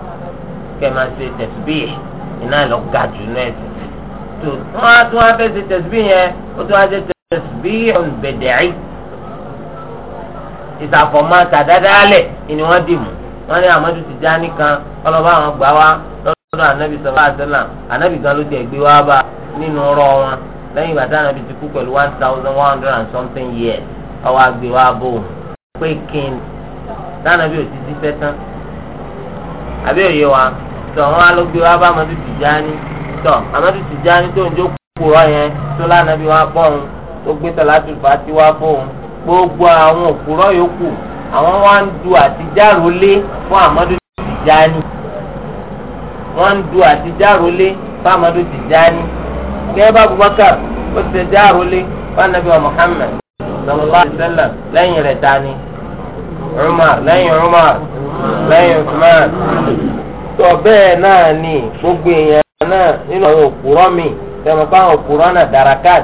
kẹ́ ẹ máa ṣe tẹ̀síbíyì iná lọ ga jù nú ẹ̀sìn. tó wọ́n á tún wá fẹ́ ṣe tẹ̀síbí yẹn ó tún wá ṣe tẹ̀síbí ọ̀nbẹ̀dẹ̀ẹ́ ìsàfọ̀mọ́ àtàdádálẹ̀ ni wọ́n dì mú wọ́n ní kan ọlọ́ba wọn lẹ́yìn ìgbà tí anabi ti kú one thousand one hundred and something years bò ó pé kín ò ti di tán àbí òye wa tọ̀ amadu tijani tó ń jó kúrọ̀ yẹn tó lánàbí wọn pọ̀ ń tó gbé sọ̀látù fàtí wá fóun gbogbo àwọn òkúrọ̀ yòókù àwọn wá ń du àtijáró lé fún amadu tijani wọ́n ń du àtijáró lé fún amadu tijani gẹ́gẹ́ bá Abubakar ó ti járó lé fún anabi wa Muhammad sallallahu alayhi wa sallam lẹ́yìn rẹ̀ dání Umar lẹ́yìn Umar lẹ́yìn Usman tó bẹ́ẹ̀ náà ni gbogbo èèyàn náà nínú àwọn òpùrọ́ mi tẹ̀mọ pé òpùrọ́ náà darakat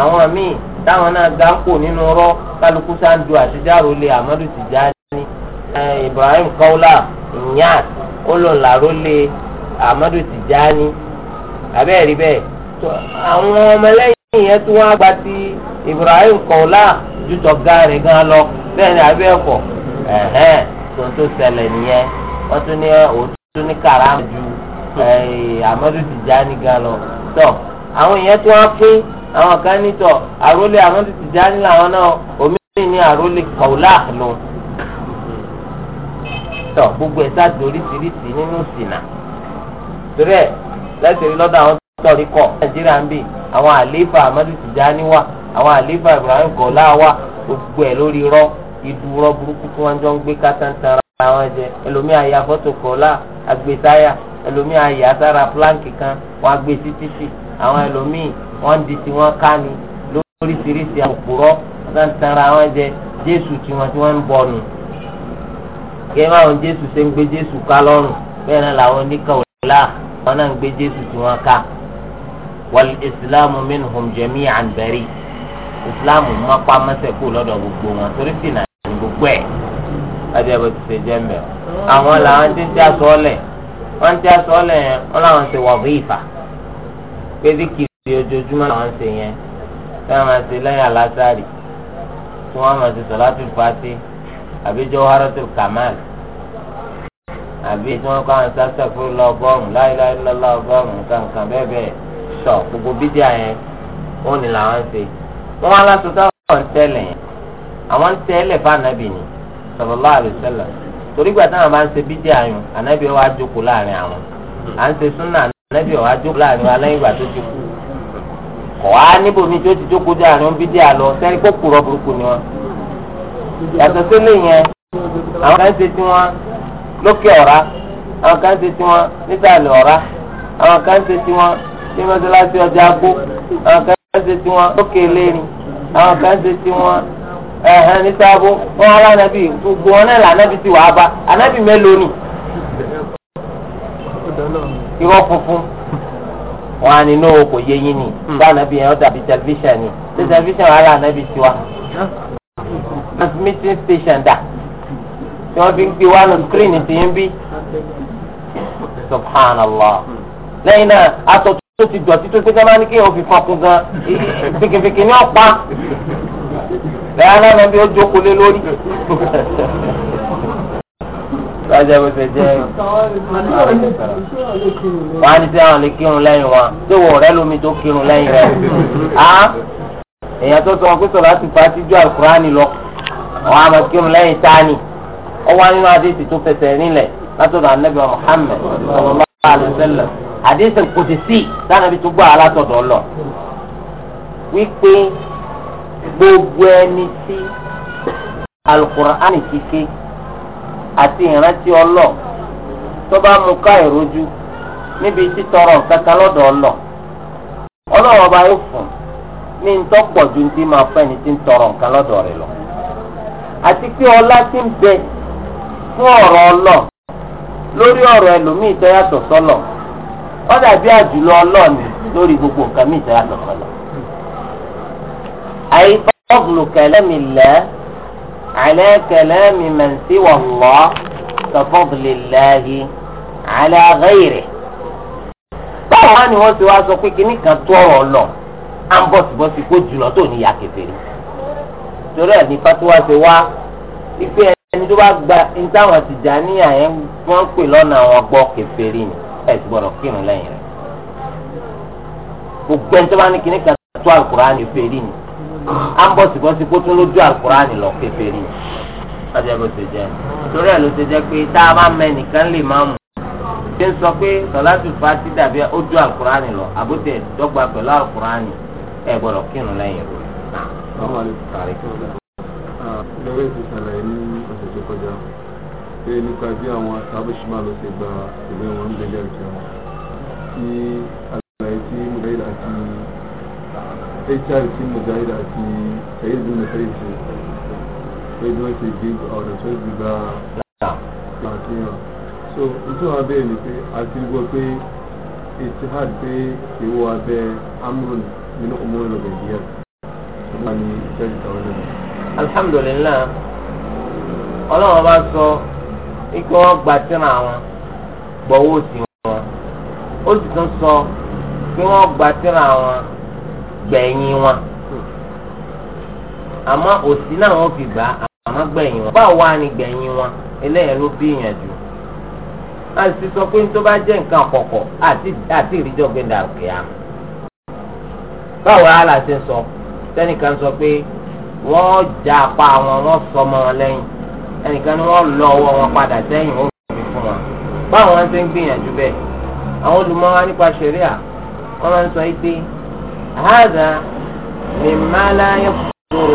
àwọn míì táwọn náà ga kò nínú rọ́ kálukú sáńdù lé Amadu Tijani Ibrahim Kaula Inyas olùlàró lé Amadu Tijani abẹ́ẹ̀rí bẹ́ẹ̀ àwọn ọmọlẹ́yìn yẹn tí wọ́n á gba ti Ibrahim Kaula ju tọ̀gá rẹ̀ gan lọ bẹ́ẹ̀ ni abẹ́ ẹ̀kọ́ ẹ̀hẹ́n tó nìyẹn wọ́n tún Amadu Tijani gan lọ tọ àwọn èèyàn tí wọ́n pín àwọn kan nítọ àrólé Amadu Tijani làwọn náà omi ní àrólé kọlá lọ tọ gbogbo ẹ sá doríṣiríṣi nínú ìsìnà torí ẹ lẹsẹ rí lọdọ àwọn tọrí kọ Nàìjíríà ń bì àwọn àlééfà Amadu Tijani wa àwọn àlééfà Ibrahim kọlá wa gbogbo ẹ lórí rọ ìdúró burúkú tí wọ́n jọ ń gbé kátàntàn ara wọn jẹ ẹlòmíà ya fọ́tò kọlá àgbétáyà ẹlòmíì àyà sára plánkì kan wọn á gbé títí sí àwọn ẹlòmíì wọn di tiwọn ká ni lóríṣiríṣi àwọn òpùrọ́ wọn tanra wọn jẹ jésù tiwọn tí wọn ń bọ nù gẹ́gẹ́ bá àwọn jésù ṣe ń gbé jésù ká lọ́rùn bẹ́ẹ̀ náà làwọn oníkan wọn náà ń gbé jésù tiwọn ká wal islamu minhum jami'an bari islamu mọ́pá mọ́sẹ̀ kú lọ́dọ̀ gbogbo wọn torí fìlà ní gbogbo ẹ̀ lábẹ́ wọ́n ti aṣọ ọ̀lẹ̀ yẹn wọ́n làwọn ṣe wọ̀bí ìfà pé zikiri ojoojúmọ́ làwọn ṣe yẹn tí wọ́n máa ṣe lẹ́yìn alásàrì tí wọ́n máa ṣe sọ̀látùl fàtí àbí jawharatul kamal àbí tí wọ́n kọ́ àwọn sásà fún ilé ọgọ́rùn-ún la ilaha illallah ọgọ́rùn-ún kankan bẹ́ẹ̀ bẹ́ẹ̀ sọ gbogbo bídíà yẹn wọ́n ní làwọn ṣe wọ́n wá láṣọ táwọn ń tẹ́lẹ̀ yẹn àwọn ń fún ànábì ni sallallahu alaihi wasallam torí gbà táwọn bá ń ṣe bídí àyùn ànábì wa jókòó láàrin àwọn à ń ṣe súnà ànábì wa jókòó láàrin wa lẹ́yìn ìgbà tó ti kú kọ̀ á níbòmí tó ti jókòó dé àrùn bídí àlọ́ sẹ́rí kó kúrọ̀ burúkú ni wọn. yàtọ̀ sílẹ̀ yẹn àwọn kan ṣe tiwọn lókè ọ̀rá àwọn kan ṣe tiwọn nísàlẹ̀ ọ̀rá àwọn kan ṣe tiwọn ní mọ́sálásí ọjà agbó àwọn kan ṣe tiwọn lókè eléyìn àwọn kan ṣe tiwọn ẹ̀hẹ́n ní sábó wọn ará anabi gbogbo wọn náà là anabi ti wàá bá anabi mélòó irọ́ funfun wọn á ní náà ni hmm. bá anabi yẹn ó dàbí tẹlifíṣàn ni ṣé hmm. tẹlifíṣàn anabi tiwa transmitting station dà tí wọ́n fi ń gbé wánu screen ti ń bí subhanallah lẹ́yìn náà aṣọ tó ti dọ̀tí tó ṣe kí wọ́n máa ní kí wọ́n fi fọkùn gan dáhàlá náà bí ó jókòó lé lórí. Sọ́jà bó ṣe jẹ́ wọ́n á ní sí àwọn lè kírun lẹ́yìn wọn. Ṣé wo ọ̀rẹ́ lómi tó kírun lẹ́yìn rẹ̀? Á èèyàn tó sọ wọn pé sọ̀rọ̀ láti fàá tíjú àlùkùránì lọ. Àwọn àmọ̀ kírun lẹ́yìn tání. Ó wá nínú àdéhìí tó fẹsẹ̀ rinlẹ̀ látọ̀dọ̀ Ànábì Muhammad sallallahu alaihi wasallam. kò sì sí dáná bí tó gbọ́ alátọ̀dọ̀ lọ. Wípé gbogbo ẹni tí alukur'ani kíké àti ìrántí ọlọ́ tó bá mú ká ìrójú níbi títọrọ kankan lọ́dọ̀ ọlọ́ ọlọ́wọ́ bá yóò fún ní ntọ́pọ̀ ju ti máa fẹ́ ni ti ń tọrọ nǹkan lọ́dọ̀ rẹ̀ lọ. àti pé ọlá ti ń bẹ fún ọ̀rọ̀ ọlọ́ lórí ọ̀rọ̀ ẹlòmíì tó yàtọ̀ sọ́lọ̀ ó dàbí àjùlọ ọlọ́ọ̀ni lórí gbogbo nǹkan míì tó yàtọ̀ sọlọ. أي فضل كلام الله على كلام من سوى الله كفضل الله على غيره báwo ni wọ́n ti wá sọ pé kíní kan tó ọ̀rọ̀ lọ à ń kó jùlọ tó ní ya torí ẹ̀ ní fatiwa ṣe wá ẹni tó bá gba ti ní wọ́n ń pè lọ́nà àwọn gbọ́ ni ẹ̀ ti gbọ́dọ̀ kírun lẹ́yìn rẹ̀ ní á ń bọ̀ síbọ̀ sí kó tún lójú àkùránì lọ kékeré lọ́jọ́ bó ṣe jẹ́ torí ẹ̀ ló ṣe jẹ́ pé tá a bá mẹ́nìkan lè máa mú ṣe ń sọ pé sọláṣù fati dàbí ó ju àkùránì lọ àbútẹ dọ́gba pẹ̀lú àkùránì ẹ gbọ́dọ̀ kírun lẹ́yìn rẹ̀. lórí ti ṣàlàyé ní ọ̀sẹ̀ tó kọjá pé nípa bí àwọn sábẹ́símà ló ṣe gba ìwé wọn ń gbẹ́jẹ́ ìjẹun tí àgbàlá hr tí mujahid àti sayid bin sayid ṣe pé bí wọ́n ṣe gbé ọ̀rọ̀ tó gbígbà àfihàn so nítorí wọn bẹ́ẹ̀ ni pé àti gbọ́ pé etihad pé ìwọ abẹ́ amrun nínú ọmọ ìlọ̀gẹ̀ díẹ̀ tó bá ní iṣẹ́ ìtàwọn náà. alhamdulillah ọlọ́run bá sọ ikú wọn gba tírà wọn gbọ́wọ́ sí wọn ó sì tún sọ pé wọ́n gba tírà wọn. gbẹ̀yìn wọn àmọ́ òsì náà wọ́n fi gbà àmọ́ gbẹ̀yìn wọn báwo wá ni gbẹ̀yìn wọn eléyìí ló bí ìyànjú a sì sọ pé tó bá jẹ́ nǹkan àkọ́kọ́ àti ìríjọ́ gbẹ̀dà òkè àmọ́ báwo á là ṣe ń sọ sọ pé wọ́n já apá wọn wọ́n sọmọ wọn lẹ́yìn ẹnìkan ni wọ́n lọ ọwọ́ wọn padà sẹ́yìn ó fi fún wọn báwo ṣe ń gbìyànjú bẹ́ẹ̀ àwọn olùmọ̀ هذا مما لا يصدر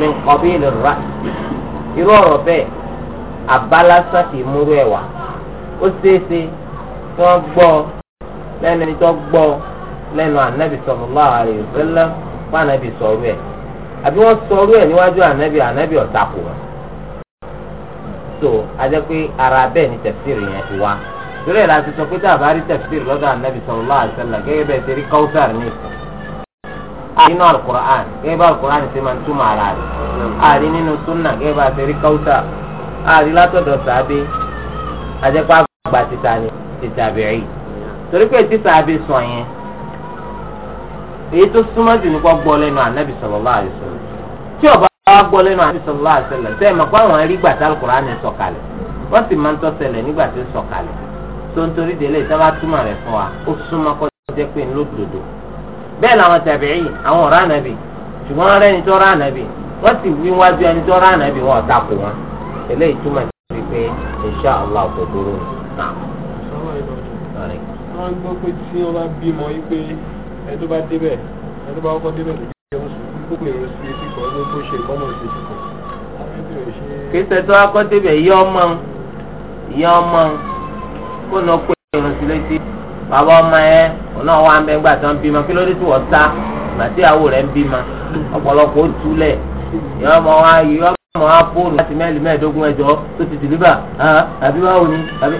من قبيل الرأي irú ọ̀rọ̀ bẹ́ẹ̀ abálásá kì í múrú ẹ̀wà ó ṣeéṣe kí wọ́n gbọ́ lẹ́nu ẹni tó gbọ́ lẹ́nu ànábì sallallahu alaihi wasallam fún ànábì so ara ni yẹn ti la ti sọ pé tá a bá rí ti rí ní nínú alukur'an gẹ́gẹ́ bá alukur'an ṣe máa ń túmọ̀ ara rẹ̀ àrí nínú sunna gẹ́gẹ́ bá ṣe rí káwùsà àrí látọ̀dọ̀ sàbẹ ajẹ́pá àgbà títà ni títà bẹ̀rẹ̀ torí pé títà bẹ sọ yẹn èyí tó súnmọ́ jù nípa gbọ́ lẹ́nu ànábì sallallahu alaihi wasallam tí ọba wa gbọ́ lẹ́nu ànábì sallallahu alaihi wasallam tẹ́ ẹ̀ mọ̀ pé àwọn ẹ̀rí gbà tá alukur'an ń sọ̀kalẹ̀ wọ́n sì máa ń tọ́sẹ̀lẹ̀ nígbà tí ń sọ̀kalẹ̀ tó ń torí délé ìtàbátúmọ̀ rẹ̀ fún wa ó súnmọ́ kọ́ jẹ́ pé ńlọ́dọ̀dọ̀ bẹ́ẹ̀ làwọn tàbíyì àwọn ọ̀rá ànábì ṣùgbọ́n wọn rẹ́ni tó rá ànábì wọ́n sì wí wájú ẹni tó rá ànábì wọn ọ̀tá kù wọn eléyìí túmọ̀ sí pé insha allah kò dúró náà. wọ́n gbọ́ pé tí wọ́n bá bímọ yí pé ẹni tó bá débẹ̀ ẹni tó bá kọ́kọ́ débẹ̀ kò jẹ́ oṣù kó pè akọ́ débẹ̀ yọ ọmọ yọ ọmọ kó lọ pé ìrọ̀sílẹ̀ sí. bàbá ọmọ yẹn òun náà ń bẹ ńgbà tó bímọ kí ló dé tí wọ́n sá ìgbà tí ìyàwó rẹ̀ ń bímọ ọ̀pọ̀lọpọ̀ ó túlẹ̀ ìyá ọmọ wa ìyá ọmọ wa fóònù láti mẹ́lì mẹ́ẹ̀ẹ́dógún ẹjọ́ tó ti dìlíbà àbí báwo ni àbí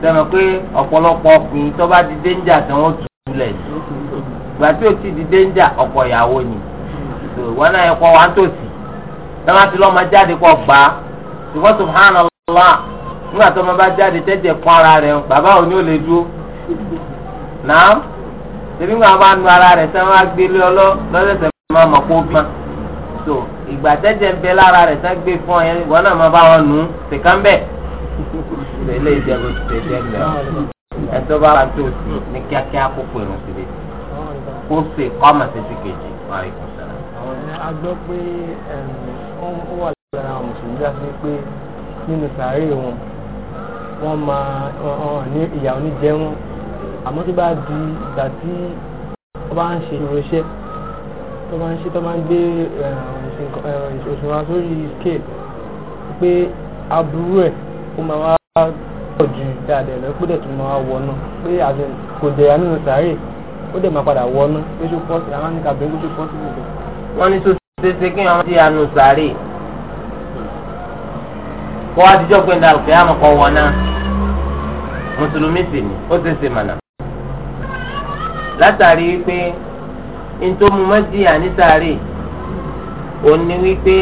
sẹ́mi pé ọ̀pọ̀lọpọ̀ ọkùnrin tó bá di dénjà tí wọ́n túlẹ̀ ìgbà tí ó ti di ọ̀pọ̀ ìyàwó ni náà wa ń tòsí nígbà tó ọmọ bá jáde tẹ́jẹ̀ kún ara rẹ̀ bàbá ò ní ò lè dúró náà tẹ̀lé ńgbà bá nu ara rẹ̀ sẹ́wọ́n á gbélé ọlọ́ lọ́sẹ̀sẹ̀ máa mọ̀ kó gbọ́n so ìgbà tẹ́jẹ̀ ń bẹ lára rẹ̀ sẹ́ gbé fún ọ yẹn ìwọ náà máa bá wọn nù ú tìkan bẹ́ẹ̀ tẹ̀lé ìjẹ́bù tẹ̀lé ẹ̀ ẹ̀tọ́ bá wà tó ní kíákíá kó pè rùn síbi kó sè kọ́mà títí kejì wà á ikú sẹ́la. a gbọ́ pé ó wà lára mùsùlùmí wọ́n máa hàn ní ìyà oníjẹun àmọ́ tó bá di ìgbà tí wọ́n bá ń ṣe ìránṣẹ́ tó bá ń ṣe tó bá ń gbé òṣùwọ̀n eh, eh, sórí scale pé aburú ẹ̀ ó máa wá pọ̀ ju dáadáa lọ pé dẹ̀tún máa wọnú pé kò jẹ̀yà nínú sàárè ó dẹ̀ máa padà wọnú pé ṣó pọ́sì àwọn ní kàbẹ́ ló ṣe pọ́sì nìkan. wọ́n ní tó ṣeéṣe kí wọ́n ti àánú sàárè kó wá dijọ́ pé ndàlùkẹ́ àmọ́ kọ́ wọ́n mùsùlùmí sì ni ó ṣeéṣe mànà. látàrí wípé ntòmù mọ́jìyà ní sáré òun ni wípé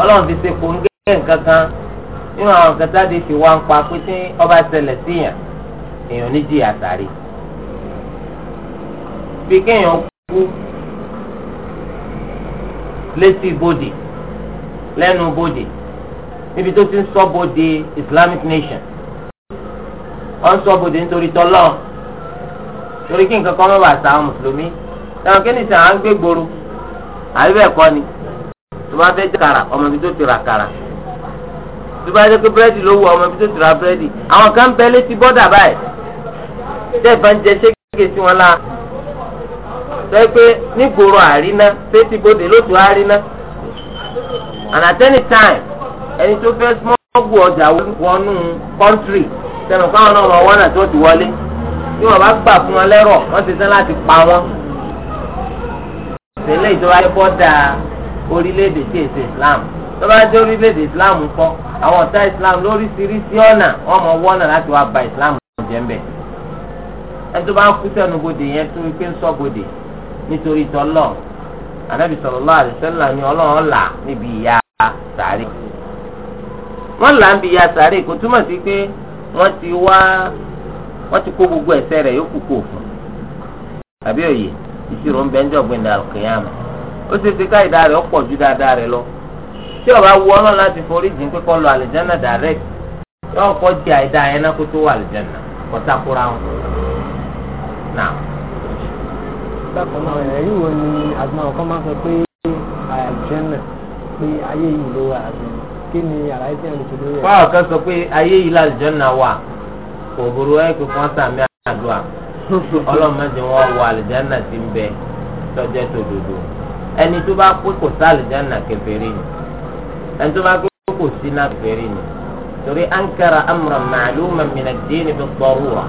ọlọ́run fi ṣe kó ń gé nǹkan kan nínú àwọn nǹkan táde fi wá ń pa pé tí ọba ṣẹlẹ̀ síyàn èèyàn ní jìyà sáré. bí kéèyàn kú létí bodè lẹ́nu bodè níbi tó ti ń sọ bodè Islamic Nation ọ̀ ń sọ bòde nítorí tọ́lọ́ torí kí nǹkan kan má bàa sa àwọn mùsùlùmí táwọn kí ni sàn án gbé gbòòrò àbí bẹ́ẹ̀ kọ́ ni tó bá fẹ́ jẹ́ kàrà ọmọ ibi tó ti ra kàrà tó bá jẹ́ pé búrẹ́dì ló wù ọmọ ibi tó ti ra búrẹ́dì àwọn kan bẹ létí bọ́dà báyìí tẹ́ ẹ̀ bá ń jẹ ṣége sí wọn lára sọ pé nígboro àríná sétí bodè lótú àríná and at any time ẹni tó fẹ́ smọ́gù ọjà wọnú kọ́ńtírì sẹ́nu káwọn náà máa wọ́nà tó ti wọlé bí wọ́n bá gbà fún wọn lẹ́rọ̀ wọ́n ti sẹ́n láti pa wọ́n. ìṣẹ̀lẹ̀ ìjọba yẹ bọ́dà orílẹ̀ tí èsì Islam tó bá jẹ́ orílẹ̀ Islam kọ́ àwọn ọ̀tá Islam lóríṣiríṣi ọ̀nà wọ́n máa wọ́nà láti wá ba Islam jẹ́ ẹni tó bá kú sẹ́nu bodè yẹn tó wípé ń sọ bodè nítorí tọ́lọ̀ Ànábì sallallahu alaihi ni Ọlọ́run là níbi ìyà sàárè. wọ́n là ń bi ìyà sàárè kò túmọ̀ sí pé wọ́n ti wá wọ́n ti kó gbogbo ẹ̀ṣẹ̀ rẹ̀ yókù kó fún àbí òye ìṣirò ń bẹ ń dọ̀gbìn dàrú kìyàmù ó ṣe ti ká ìdá rẹ̀ ó pọ̀ ju dáadáa rẹ̀ lọ tí ọba wu ọlọ́run láti forí jìn pé kọ́ lọ direct yóò kọ́ di àìdá yẹn náà kó tó wà kọ́ wọn. bákan náà wo ni àgbọn máa kí ni àlàyé tí wọn lè ṣe lórí ẹ. fáwọn kan sọ pé ayé yìí lálùjọ́nà wà kò burú ẹ pé fún sàmì àdúrà <laughs> ọlọ́mọdé wọn wọ àlùjọ́nà ti ń bẹ tọ́jẹ́ tòdodo ẹni tó bá pé kò sí àlùjọ́nà kèfèrí ni ẹni tó bá pé kò sí náà kèfèrí ni torí ankara amra ma'luman min ad-din bi ad-darura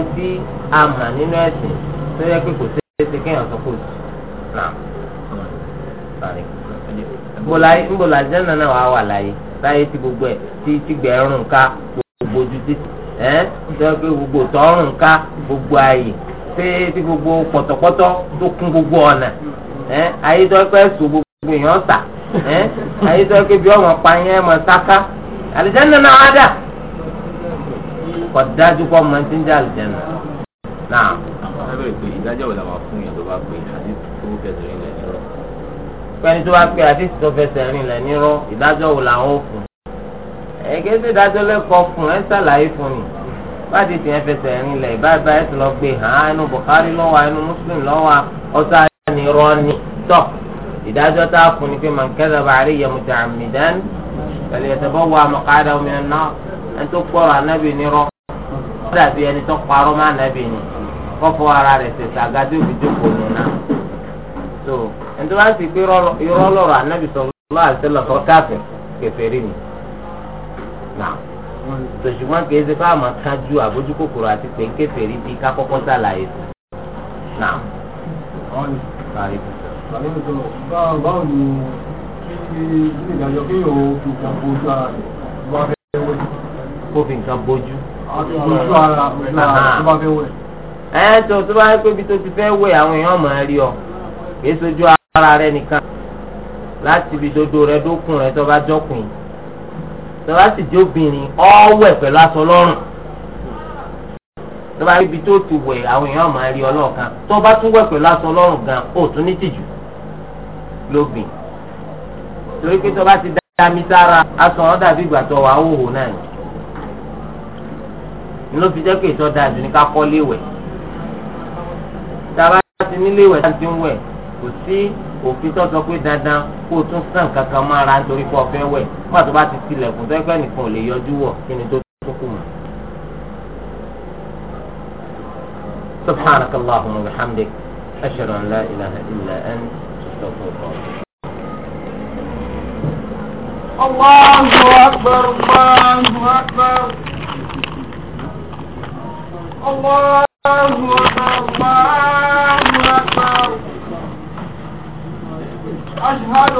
ntí àmà nínú ẹ̀sìn tó yẹ pé kò sí ẹsẹ̀ kéèyàn sọ kò sí náà. ńbọlá àlìjáná náà wà wà láyé láyé ti gbogbo ẹ̀ ti tí ká gbogbo ojú ẹ̀ gbogbo tọ́rùn ká gbogbo ààyè pé ti gbogbo pọtọpọtọ tó kún gbogbo ọ̀nà ẹ̀ ayé tó gbogbo ẹ̀ ayé bí ọmọ pa mọ náà wà pẹ́ni tó bá pe àdìsí tó fẹsẹ̀ rìn lẹ̀ nírọ́ ìdájọ́ wò làwọn ò fún ẹ̀gẹ́ sí ìdájọ́ lẹ́kọ̀ọ́ fún ẹ̀ ṣàlàyé fún ni bá ti tiẹ̀ fẹsẹ̀ rìn lẹ̀ ìbáàbá ẹ̀ tó lọ gbé hàn án inú Bukhari lọ́wọ́ inú Muslim lọ́wọ́ ọ̀sá ni rọ́ ni tọ́ ìdájọ́ tá a fún ni pé man kadhaba alayya muta'ammidan falyatabawwa maq'adahu minan nar ẹ̀ tó kpọ̀rọ̀ ẹni tó bá ń sì pé irọ́ lọ́rọ̀ anábì sallallahu alaihi wasallam sọ káàfin kèfèrí ni tòṣùgbọ́n kì í ṣe fáwọn máa kájú àbójú kòkòrò àti pé ń kèfèrí bí ká kọ́kọ́ sàlàyé sí. báwo ni kí ní ìdájọ́ kí yóò fi nǹkan bójú ara rẹ̀ bá fẹ́ wẹ̀? kó fi nǹkan bójú. àti bójú ara rẹ̀ náà bá fẹ́ wẹ̀. ẹ tó tó bá yẹ pé ibi tó ti fẹ́ wẹ̀ àwọn èèyàn máa rí ọ kì í ṣojú ara rẹ nìkan láti ibi dodo rẹ dókun rẹ tó bá jọkùn tó bá sì jẹ́ obìnrin ọ̀wẹ̀ pẹ̀lú aṣọ lọ́rùn tó bá ibi tó ti wẹ̀ àwọn èèyàn máa rí ọlọ́ọ̀kan tó bá tún wẹ̀ pẹ̀lú aṣọ lọ́rùn gan ó tún ní tìjú lóbìn torí pé tó bá ti dá mi sára aṣọ ọ̀ dàbí ìgbà tó wà á wòwò náà ni ló fi jẹ́ pé ìtọ́ da àdùnní ká kọ́ léwẹ̀ tá a bá ti níléwẹ̀ tá a ti ń wẹ̀. kò sí òfin tó sọ pé dandan kó o tún sàn kankan máa ra nítorí pé ọfẹ wẹ wọn àti ti tilẹ̀kùn tó ẹgbẹ́ nìkan ò lè yọjú wọ kí ni tó tó kù mọ́. سبحانك اللهم وبحمدك أشهد أن لا إله إلا أنت أستغفرك الله أكبر الله أكبر الله أكبر الله أكبر أشهد